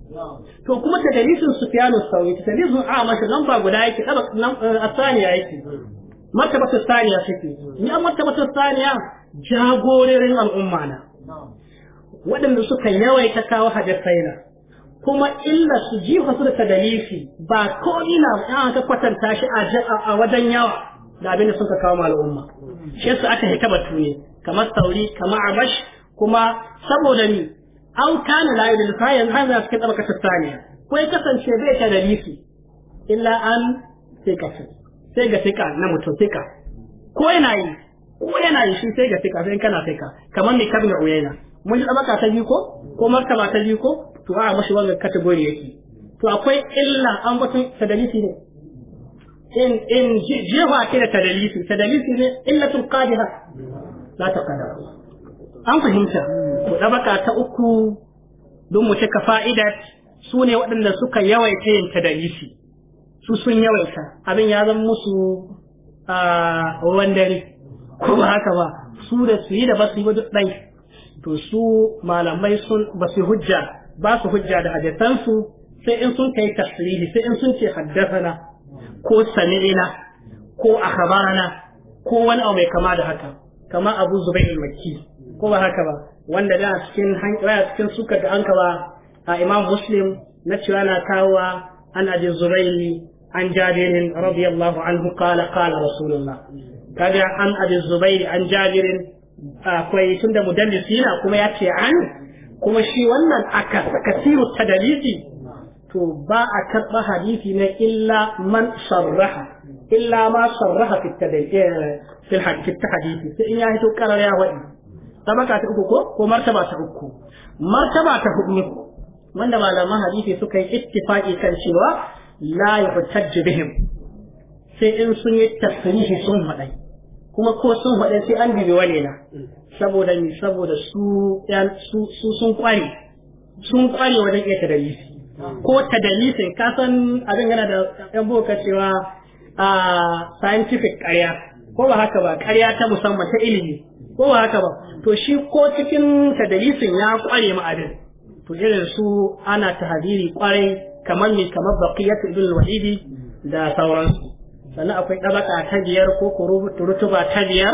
to kuma tadalisin sufyanu sauri tadalisin a mashi ba guda yake kada asaniya eh, yake martabatu saniya take ni an martabatu saniya jagororin al'umma na waɗanda suka yawaita kawo hadisai na kuma illa su jifa su da tadalisi ba ko ina an ka kwatanta shi a wajen yawa da abinda suka kawo al'umma shi yasa aka hita batu kamar sauri kamar amash kuma saboda ni aw kana la yudil fayan hada cikin dabaka tsaniya ko ya kasance bai ta dalisi illa an sai ka sai ga fika na mutum fika ko yana yi ko yana yi shi sai ga fika sai kana fika kamar mai kabin uyayna mun ji dabaka ta biyu ko martaba ta biyu to a mashi wannan category yake to akwai illa an batun tadalisi ne in in jefa ke da ta ta tadalisi tadalisi ne illatul qadiha la taqadara an fahimta ɗabaka ta uku don mu cika fa'ida su ne waɗanda suka yawaita yin tadarisi su sun yawaita abin ya zama musu ruwan dare ko ba haka ba su da su yi da ba su yi wajen duk ɗai to su malamai sun ba su hujja ba su hujja da hadisansu sai in sun kai tasirihi sai in sun ce haddasana ko sami'ina ko akhbarana ko wani abu mai kama da haka Kamar abu zubair makki ko ba haka ba wanda da cikin hankali cikin suka da an ba a imam muslim na cewa na kawowa an abi zubairi an jabirin radiyallahu anhu kala kala rasulullah kaga an abi zubairi an jabirin akwai tunda mudallisi na kuma ya ce an kuma shi wannan aka kasiru tadalisi to ba a karɓa hadisi na illa man sarraha illa ma sarraha fi tadalisi eh, fil hadisi sai in ya hito karar ya waɗi tabaka ta uku ko ko martaba ta uku martaba ta hudu wanda malaman hadisi suka yi ittifaqi kan cewa la yuhtajju bihim sai in sun yi tasrihi sun madai kuma ko sun hadai sai an bibi wani na saboda ni saboda su su sun kware sun kware wajen iya tadalisi ko tadalisin ka san abin yana da yan boka cewa a ah, scientific ƙarya ko ba haka ba ƙarya ta musamman ta ilimi ko ba haka ba to shi ko cikin tadalisin ya kware mu abin to irin su ana tahdiri kwarai kamar ne kamar baqiyatu ibn al-wahidi da sauran. sannan akwai ɗabaka ta biyar ko rutuba ta biyar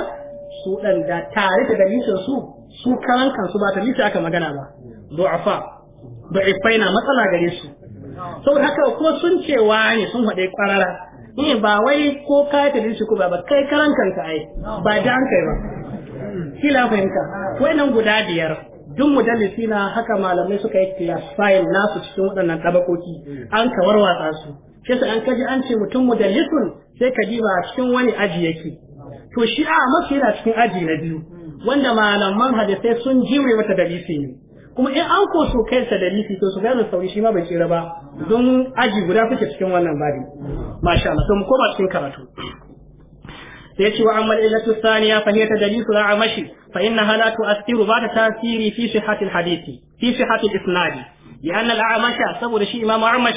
su ɗan da tare da dalilin su su karan kansu ba talisi aka magana ba du'afa du'ifai na matsala gare su sau haka ko sun ce wa ne sun haɗe kwarara eh ba wai ko kai ta dalisin ku ba ba kai karan kanka ai ba da an kai ba kila fahimta nan guda biyar duk mudallisi na haka malamai suka yi classifying nasu cikin waɗannan tabakoki an ka warwatsa su shi an kaji an ce mutum mudallisun sai ka diba cikin wani aji yake to shi a mafi yana cikin aji na biyu wanda malaman hadisai sun jure mata dalisi ne kuma in an ko so kai sa dalisi to su su sauri shi ma bai tsira ba don aji guda kuke cikin wannan babi masha Allah to mu koma cikin karatu sai ce wa amma illatu thaniya fa hiya tadlisu al-amashi fa innaha la tu'athiru ba ta tasiri fi sihhatil hadithi fi sihhatil isnadi لأن الأعمش saboda shi إمام أعمش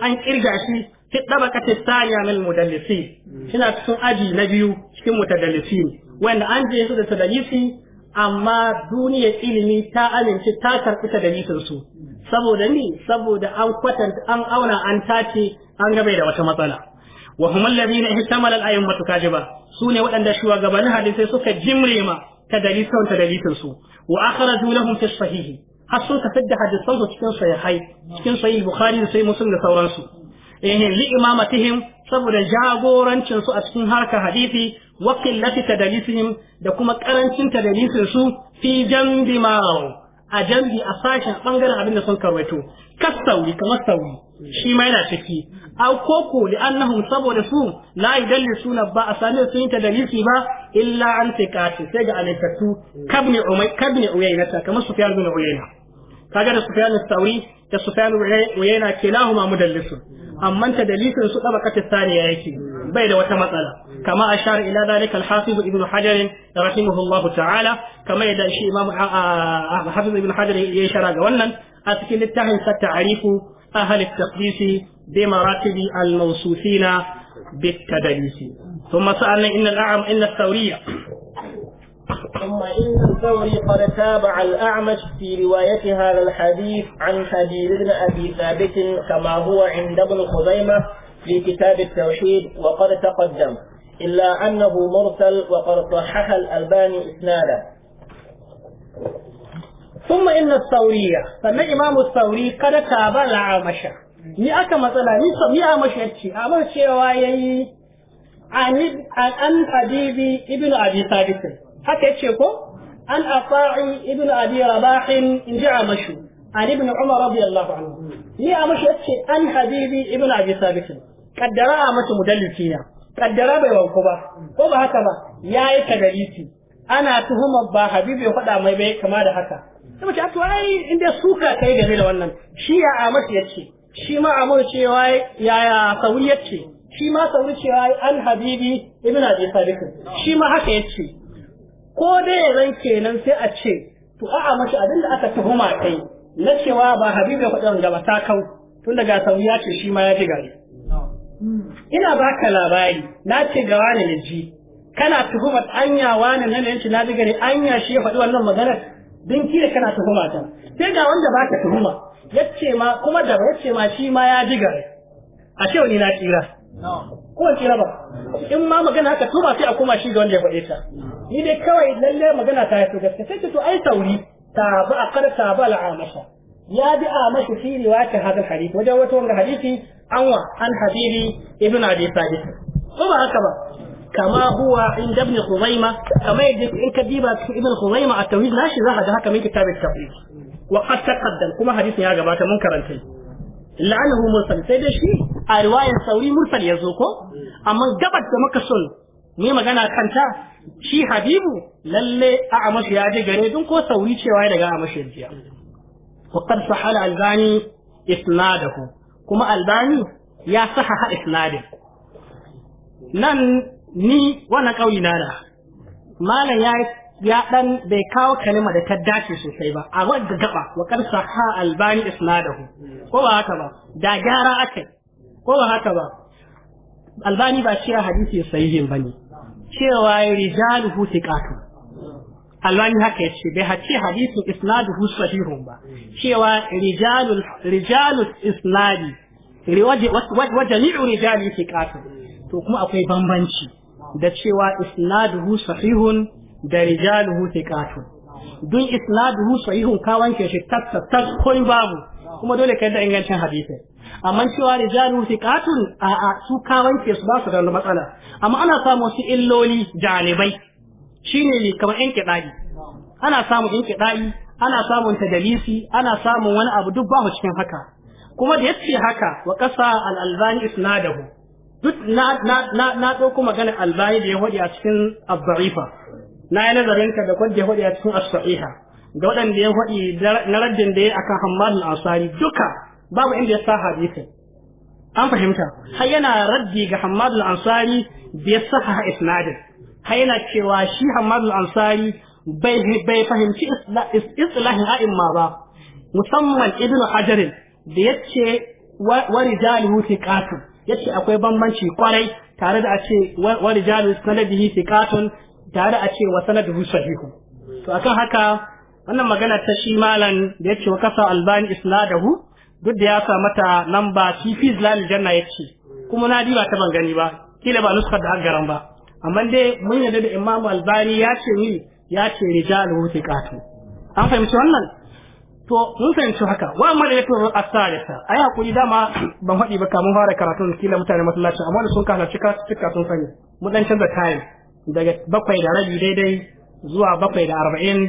an kirga shi fi dabaqati thaniya min mudallisin kina cikin aji na biyu cikin mutadallisin wanda an je su da tadallisi amma duniyar ilimi ta amince ta karɓi tadallisin su saboda ni saboda an kwatanta an auna an tace an gabe da wata matsala wa humul ladina ihtamala al-a'immatu kajiba sune waɗanda shugabannin hadisai suka jimrema ta dalilan ta dalilan su wa akhraju lahum fi sahihi har sun ka fidda hadisan su cikin sahihai cikin sahih bukhari sai muslim da sauransu eh li imamatihim saboda jagorancin su a cikin harkar hadisi wa qillati tadalisihim da kuma karancin tadalisin su fi jambi ma'ahu a jambi a sashen bangaren abin da sun karwato kasauri kamar sauri shi ma yana ciki aw koko li annahum saboda su la yadallisuna ba a sami sun yi tadalisi ba illa an tiqati sai ga alaikatu kabni umay kabni uyayna kamar sufyan bin uyayna kaga da sufyan sauri da Sufyan yana kilahuma mudallisun amma ta dalisin su tabaqatu thaniya yake bai da wata matsala kama ashar ila zalika al-hafiz ibn hajar rahimahullah ta'ala kama yadda shi imam hafiz ibn hajar ya shara ga wannan a cikin littafin sa ta'rifu ahli at-taqdis bi maratibi al-mawsufina bit-tadlis ثم سألنا إن الأعم إن الثورية ثم إن الثوري قد تابع الأعمش في رواية هذا الحديث عن حديث بن أبي ثابت كما هو عند ابن خزيمة في كتاب التوحيد وقد تقدم إلا أنه مرسل وقد صحح الألباني إسناده ثم إن الثورية فما إمام الثوري قد تابع الأعمش ni aka matsala ni sami a mashiyarci a cewa ya yi an habibi abi haka yace ko an afa'i ibn abi rabah in ji amashu an ibn umar radiyallahu anhu ni amashu yace an habibi ibn abi sabit kaddara amashu mudallisi na kaddara bai wanko ba ko ba haka ba yayi kadalisi ana tuhumar ba habibi ya faɗa mai bai kama da haka sai mace to ai inda suka kai game da wannan shi ya amashu yace shi ma amur cewa yaya sauri yace shi ma sauri cewa an habibi ibn abi sabit shi ma haka yace ko dai ya zan kenan sai a ce to a'a mashi abin da aka tuhuma kai na cewa ba habibu ya faɗi gaba ta kau tun daga sauri ya ce shi ma ya ji gari ina baka labari na ce ga wani ne ji kana tuhumar anya wani nan da yanci na ji gari anya shi ya faɗi wannan maganar din kira kana tuhuma ta sai ga wanda ba ka tuhuma yace ma kuma da yace ma shi ma ya ji gari a ce wani na tsira ko wace raba in ma magana haka to ba sai a koma shi ga wanda ya faɗe ta ni dai kawai lalle magana ta yato gaske sai ce to ai tauri ta ba a kar ta ba al'amasha ya bi a mashi fi riwayati hadal hadith wajen wata wanda hadithi anwa an habibi ibn abi sabit ko ba haka ba kama huwa inda ibn khuzaima kama yadda in ka diba cikin ibn khuzaima a tawhid nashi za ka ga haka min kitabit tawhid wa qad taqaddam kuma hadisin ya gabata mun karanta la'anahu musal sai da shi a riwayar sauri mursal ya zo ko amma gabat da muka sun mu magana kanta shi habibu lalle a amashi ya je gare dun ko sauri cewa daga amashi jiya wa qad hala albani isnadahu kuma albani ya sahaha isnadin nan ni wannan kauli na na malam ya ya dan bai kawo kalima da ta dace sosai ba a wadda gaba wa qad ha albani isnadahu ko ba haka ba da gyara akai ko ba haka ba albani ba cewa hadisi sahihin ne, cewa ya rijaluhu thiqatu albani haka ce bai hace hadisin isnaduhu sahihun ba cewa rijalul rijalul isnadi wa jami'u rijali thiqatu to kuma akwai bambanci da cewa isnaduhu sahihun da rijaluhu thiqatu dun isnaduhu sahihun ka wanke shi tattattar tas babu kuma dole yi da ingancin hadisi amma cewa rijalun thiqatun a a su kawance wanke su ba su da matsala amma ana samu wasu illoli janibai shine kamar in kidai ana samun in kidai ana samun tadalisi ana samun wani abu duk ba mu cikin haka kuma da yace haka wa qasa al-albani isnadahu duk na na na na maganar albani da ya hodi a cikin na yi nazarin da kwanda ya hodi a cikin as-sahiha da waɗanda ya hodi na raddin da ya akan hammad al-asari duka babu inda ya sa hadisin an fahimta har yana raddi ga Hammad al-Ansari da ya isnadin har yana cewa shi Hammad al-Ansari bai bai fahimci islahin a'imma ba musamman Ibn Hajar da yace wa rijaluhu thiqatun yace akwai bambanci kwarai tare da a ce wa rijalu sanadihi thiqatun tare a ce wa sanaduhu sahihu to akan haka wannan magana ta shi malan da yace wa kasa albani isnadahu duk da ya sa mata ba shi fi zilalil janna ya ce kuma na ba ta ban gani ba kila ba nuskar da aggaran ba amma dai mun yarda da imam albani ya ce ni ya ce rijal wuti qatu an fahimci wannan to mun fahimci haka wa amma da yato a ai hakuri dama ban faɗi ba kamun fara karatun kila mutane masallaci amma da sun kasace cika sun sani mu dan canza time daga bakwai da rabi daidai zuwa bakwai da arba'in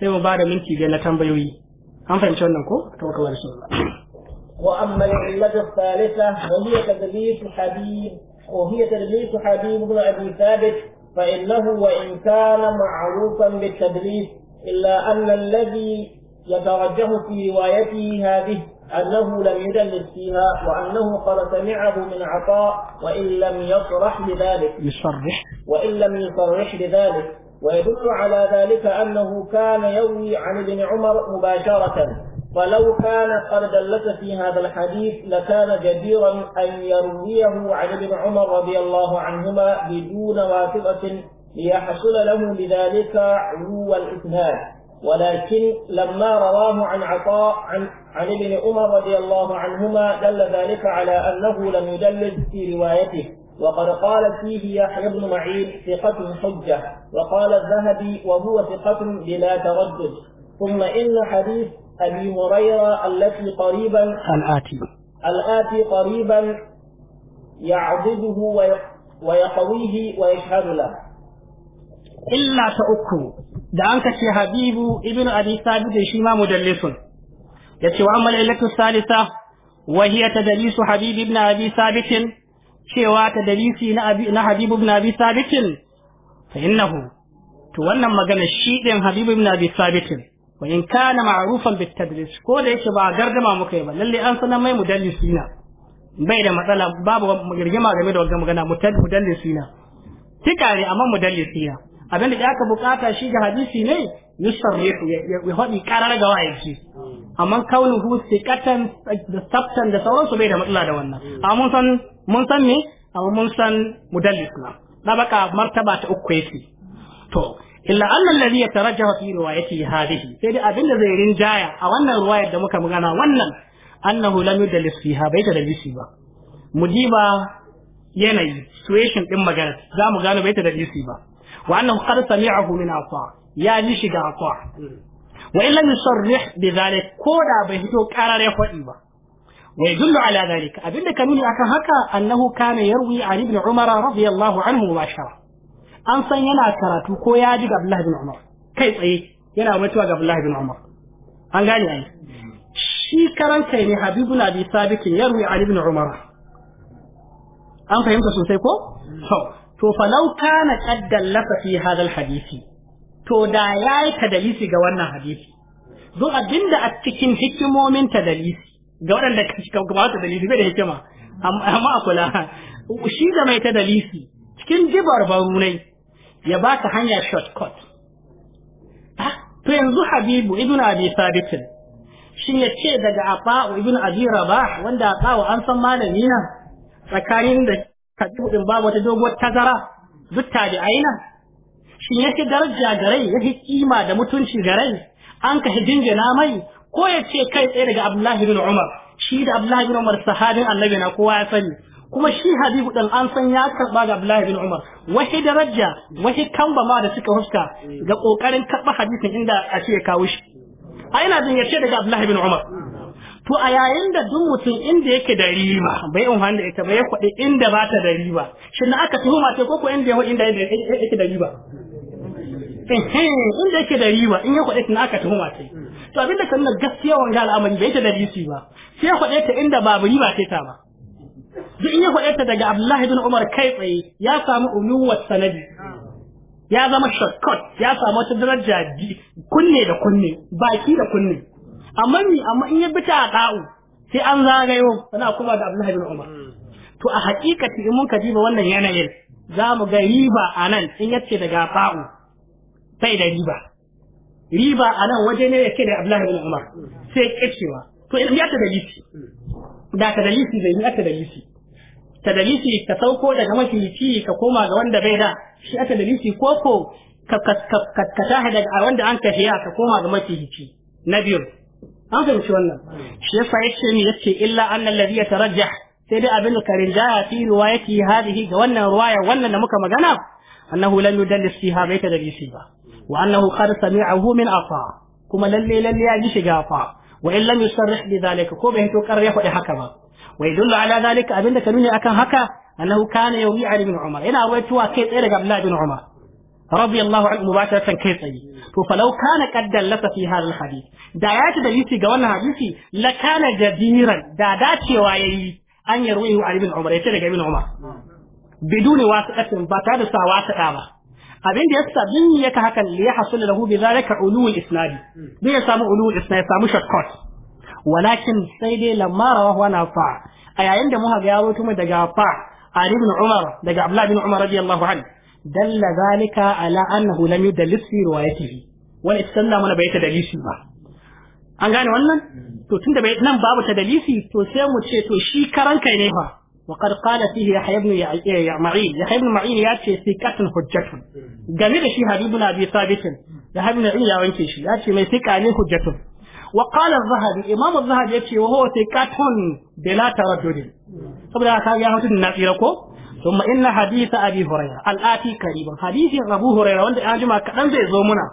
sai mu ba da minti biyar na tambayoyi an fahimci wannan ko to kawai shi وأما العلة الثالثة وهي تدليس حبيب وهي تدليس حبيب بن أبي ثابت فإنه وإن كان معروفا بالتدليس إلا أن الذي يترجم في روايته هذه أنه لم يدلس فيها وأنه قد سمعه من عطاء وإن لم يصرح بذلك يصرح وإن لم يصرح بذلك ويدل على ذلك أنه كان يروي عن ابن عمر مباشرة فلو كان قد دلت في هذا الحديث لكان جديرا أن يرويه عن ابن عمر رضي الله عنهما بدون واسطة ليحصل له بذلك علو الإسناد ولكن لما رواه عن عطاء عن, عن ابن عمر رضي الله عنهما دل ذلك على أنه لم يدلل في روايته وقد قال فيه يحيى بن معين ثقة حجة وقال الذهبي وهو ثقة بلا تردد ثم إن حديث أبي هريرة التي قريبا الآتي الآتي قريبا يعضده ويقويه ويشهد له إلا تأكو دعانك يا حبيب ابن أبي ثابت شما مدلس ma mudallisun الثالثة وهي تدليس حبيب ابن أبي wa cewa ta dalisi na na habibu ibn abi sabitin fa innahu to wannan magana shi din habibu ibn abi sabitin wa in kana ma'rufan bit tadlis ko da yake ba gargama muka yi ba lalle an sanar mai mudallisina bai da matsala babu girgima game da wannan magana mudallisina tikare amma mudallisina abinda da aka bukata shi ga hadisi ne yusarrihu ya hadi karar ga wa'ayi amma sai sikatan da sabtan da sauransu bai da matsala da wannan amma san mun san ni amma mun san mudallis na dabaka martaba ta uku yake to illa annal ladhi yatarajjahu fi riwayati hadhihi sai dai abinda zai rinjaya a wannan riwayar da muka magana wannan annahu lam yudallis fiha bai ta dalisi ba mujiba yanayi situation din magana za mu gano bai ta dalisi ba wa annahu qad sami'ahu min afa ya ji shi da afa wa illam yusarrih bi dhalik ko da bai hito qarar ya faɗi ba ويدل على ذلك أبن كنوني أكهك أنه كان يروي عن ابن عمر رضي الله عنه مباشرة أن سينا كراتو كويا جد عبد الله بن عمر كيف أي ينا متوى عبد الله بن عمر أن قال أي شي كران كيني حبيبنا أبي ثابت يروي عن ابن عمر أن فهمت سوسيكو تو فلو كان قد دلت في هذا الحديث to da ya yi tadalisi ga wannan hadisi zo abinda a cikin hikimomin tadalisi ga waɗanda ka ba kamata dalisi bai da hikima amma a kula shi da mai ta dalisi cikin jibar barunai ya ba ta hanya shortcut to yanzu habibu ibn abi sabitin shin ya ce daga afa'u ibn abi rabah wanda tsawa an san malami na tsakanin da habibu din babu wata doguwar tazara duk aina. shin ya fi daraja garai ya fi kima da mutunci rai an ka jinjina mai ko ya ce kai tsaye daga Abdullahi bin Umar shi da Abdullahi bin Umar sahabin annabi na kowa ya sani kuma shi Habibu dan an san ya karba ga Abdullahi bin Umar wahi daraja wahi kamba ma da suka huska ga kokarin karba hadisin inda a ce ya kawo shi a ina jin ya daga Abdullahi bin Umar to a yayin da duk mutum inda yake da riba bai umhan da ita bai ya kwaɗi inda ba ta da riba shin na aka tuhuma ce ko ko inda ya inda yake da riba inda yake da riba in ya kwaɗi na aka tuhuma ce to abinda kan na gaskiya wanga al'amari bai ta dalisi ba sai faɗe ta inda babu yi ba sai ta ba duk in ya faɗe ta daga Abdullahi bin Umar kai tsaye ya samu uluwar sanadi ya zama shortcut ya samu wata daraja kunne da kunne baki da kunne amma ni amma in ya bi ta da'u sai an zagayo sana kuma da Abdullahi bin Umar to a hakikati in mun ka diba wannan yanayin za mu ga riba a nan in yace daga fa'u sai da riba riba a nan waje ne yake da Abdullahi ibn Umar sai kacewa to in ya ta dalisi da ta dalisi da in ta dalisi ta dalisi ka sauko daga mafici ka koma ga wanda bai da shi ta dalisi ko ko ka ka tahi daga wanda an ka hiya ka koma ga mafici na biyu an shi wannan shi yasa yace ni yace illa annal ladhi yatarajjah sai dai abin karin jaya fi riwayati hadhihi ga wannan riwaya wannan da muka magana annahu lam yudallis fiha baita dalisi ba wa annahu sami sami'ahu min afa kuma lalle lalle a yi shiga fa wa in lam yusarrih bi zalika ko bai to kar ya faɗi haka ba wa yadullu ala zalika abinda ka nuna akan haka annahu kana yawmi ali bin umar yana ruwaitowa kai tsaye daga abdullahi bin umar radiyallahu anhu mubasharatan kai tsaye to falau kana qaddan lasafi fi hadha alhadith da ya ci dalili ga wannan hadisi la kana jadiran da dacewa yayi an yarwihu ali bin umar yace daga ibn umar biduni wasu ba ta da sa wasu ba abin da yasa din ya ka hakan ya li yahsul lahu bi zalika ulul isnadi bai hmm. ya samu ulul isnadi samu shortcut walakin sai dai lamma rawahu ana fa a yayin da muka ga yaro tuma daga fa ali ibn umar daga abdullah ibn umar radiyallahu anhu dalla zalika ala annahu lam yudallis fi riwayatihi wani istanna mana bai ta dalisi ba an gane wannan hmm. to tunda bai nan babu ta dalisi to sai mu ce to shi karan kai ne fa وقد قال فيه يحيى بن معين يحيى بن معين ياتي ثقة حجة جميل شي حبيب بن ابي ثابت يحيى بن معين يا وانكي شي ياتي من ثقة عليه حجة وقال الذهبي امام الذهبي ياتي وهو ثقة بلا تردد saboda ka na tsira ko thumma inna hadith abi hurairah al-ati qariban hadithin abu hurairah wanda an jima kadan zai zo muna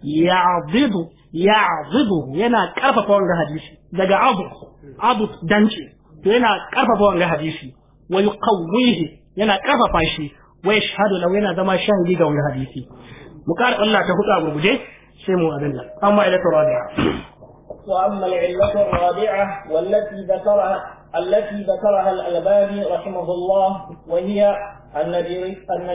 ya'zidu ya'zidu yana karfafa wannan hadisi daga abu danci yana karfafa wannan hadisi wa yuqawwihi yana karfafa shi wa yashhadu lahu yana zama shahidi ga wannan hadisi mu kar Allah ta huta gurguje sai mu abin amma ila tarabi'a wa amma al-illatu ar-rabi'a wallati dhakaraha التي ذكرها الألباني رحمه الله وهي أن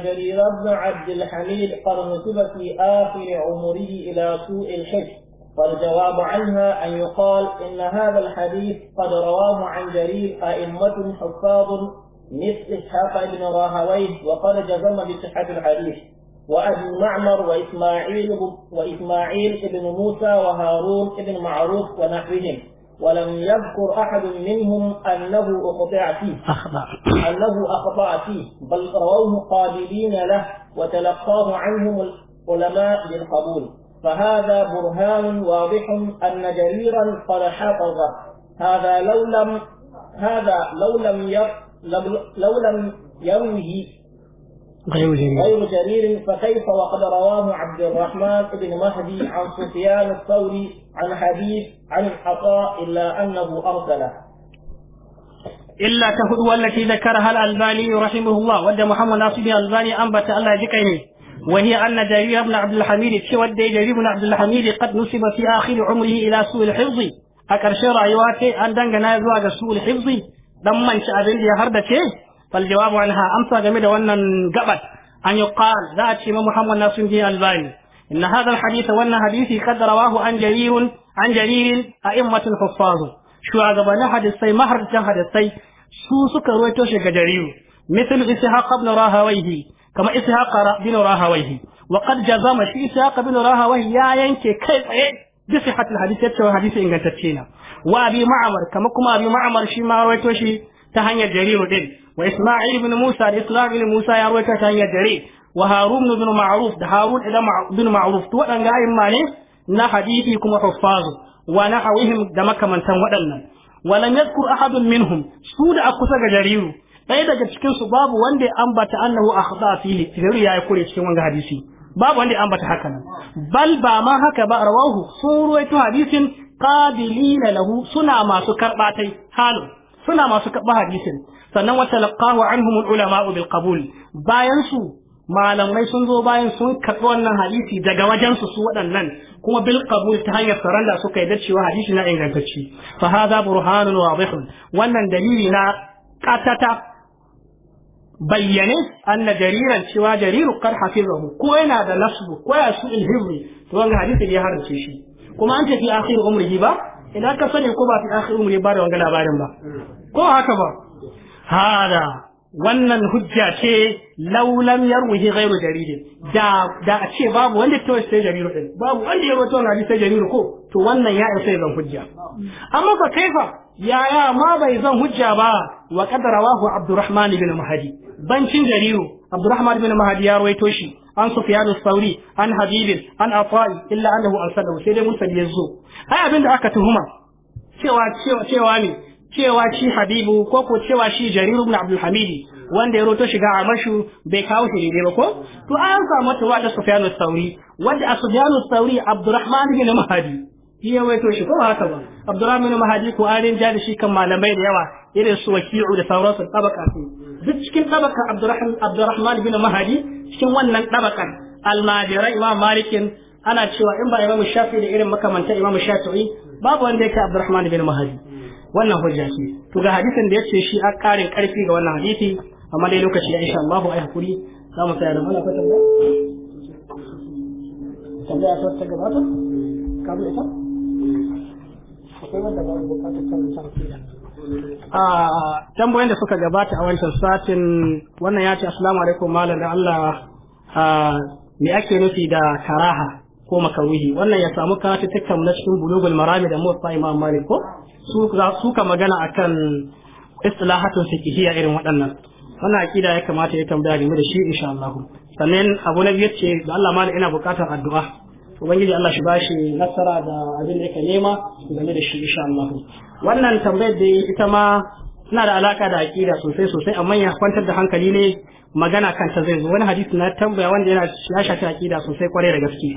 جرير بن عبد الحميد قد نسب في آخر عمره إلى سوء الحفظ والجواب عنها أن يقال إن هذا الحديث قد رواه عن جرير أئمة حفاظ مثل إسحاق بن راهويه وقد جزم بصحة الحديث وأبي معمر وإسماعيل وإسماعيل بن موسى وهارون بن معروف ونحوهم ولم يذكر أحد منهم أنه أقطع فيه أنه أخطأ فيه بل رواه قابلين له وتلقاه عنهم العلماء بالقبول فهذا برهان واضح أن جريرا قد حافظ هذا لو لم هذا لو لم ير لو لم يروه غير جرير غير جرير فكيف وقد رواه عبد الرحمن بن مهدي عن سفيان الثوري عن حبيب عن الحطاء إلا أنه أرسله إلا ta التي ذكرها الألباني رحمه الله rahimahullah محمد ناصر الألباني أنبت الله ambata وهي أن جرير بن عبد الحميد شوى جرير بن عبد الحميد قد نسب في آخر عمره إلى سوء الحفظ أكرشي رأيواتي أن دنغنا يزوى سوء الحفظ دم من شعبين دي هردتي فالجواب عنها أمسى جميل وأن قبت أن يقال ذات شيما محمد ناصر الدين الباني إن هذا الحديث وأن حديثي قد رواه عن جرير عن جرير أئمة الحفاظ شو عقبنا حدثي مهر حدثي سوسك رويتوش جرير مثل إسحاق بن راهويه kamar ishaqa bin rahawayhi wa qad jazama shi ishaqa bin rahawayhi ya yanke kai tsaye bi sihhat alhadith ya cewa hadisi ingantacce na wa abi ma'mar kamar kuma abi ma'mar shi ma rawaito shi ta hanyar jarir din wa isma'il ibn musa da isma'il bin musa ya rawaito ta hanyar jarir wa harun ibn ma'ruf da harun ibn ma'ruf to wadanga ayyuma ne na hadisi kuma huffazu wa nahawihim da makamantan waɗannan ولم يذكر su da سود أكوسا jariru. ɗaya daga cikin su babu wanda ya ambata annahu akhta fihi gari yayi kure cikin wanga hadisi babu wanda ya ambata haka nan bal ba ma haka ba rawahu sun ruwaito hadisin qabilina lahu suna masu karbatai halu suna masu karba hadisin sannan wa talaqahu anhum ulama bil qabul bayan su malamai sun zo bayan sun karɓi wannan hadisi daga wajen su su waɗannan kuma bil qabul ta hanyar saranda suka yarda cewa hadisi na ingantacci fa hadha burhanun wadihun wannan dalili na katata bayyane anna jariran cewa jariru kar hafizahu ko yana da nafsu ko ya su ilhibri to wannan hadisi ne haramce shi kuma an ce fi akhir ba idan ka sani ko ba fi akhir umrihi ba da wannan labarin ba ko haka ba hada wannan hujja ce laulam yarwihi ghairu jarir da da a ce babu wanda ta wace jariru din babu wanda ya rawaito wannan hadisi jariru ko to wannan ya isa zan hujja amma fa kaifa yaya ma bai zan hujja ba wa qad rawahu abdurrahman ibn mahdi bancin jariru abdurrahman ibn mahdi ya rawaito shi an sufyan sauri an habib an atal illa annahu arsalahu sai dai mursal yazo ai abin da aka tuhuma cewa cewa cewa ne cewa shi habibu ko ko cewa shi jariru ibn abdul wanda ya roto shiga a mashu bai kawo shi ne ba ko to an samu tawa da sufyan sauri wanda a sufyan as-sauri abdurrahman ibn mahdi iya waito shi ko ba haka ba Abdurrahman bin Mahadi ko arin ja da shi kan malamai da yawa irin su waki'u da sauransu tabaka su duk cikin tabaka Abdurrahman Abdurrahman bin Mahadi cikin wannan tabakan almajirai Imam Malikin ana cewa in ba Imam Shafi'i da irin makamanta Imam Shafi'i babu wanda yake Abdurrahman bin Mahadi wannan hujja ce to ga hadisin da yace shi a karin karfi ga wannan hadisi amma dai lokaci ya insha Allah ai hakuri za mu tsaya da wannan ta gabata kabu ita akwai da suka gabata a wancan satin wannan ya ce assalamu alaikum malam da Allah me ake nufi da karaha ko makaruhi wannan ya samu karatu tukkan na cikin bulugul marami da muwatta imam malik ko su suka magana akan istilahatun fiqhiyya irin waɗannan wannan akida ya kamata ya tambaya game da shi insha Allah sannan abu na biyar ce da Allah ma ina bukatar addu'a ubangiji Allah shi bashi nasara da abin da yake nema game da shi insha Allah wannan tambayar da ita ma tana da alaka da aqida sosai sosai amma ya kwantar da hankali ne magana kanta zai zo wani hadisi na tambaya wanda yana ya shafi aqida sosai kwarai da gaske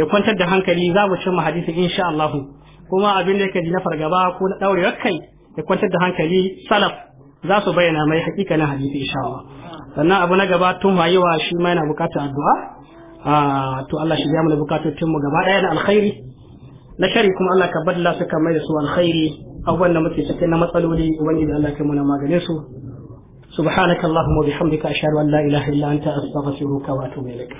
ya kwantar da hankali za mu cimma hadisin insha Allah kuma abin da yake ji na fargaba ko na daure kai ya kwantar da hankali salaf za su bayyana mai hakika na hadisi insha Allah sannan abu na gaba tun wayewa shi ma yana bukatar addu'a Ah, to Allah shi ya mana bukatocin mu gaba daya na alkhairi na shari kuma Allah ka badla su ka mai da su alkhairi abubuwan da muke cikin na matsaloli ubangiji Allah kai muna magane su subhanakallahumma bihamdika ashhadu an la ilaha illa anta astaghfiruka wa atubu ilaik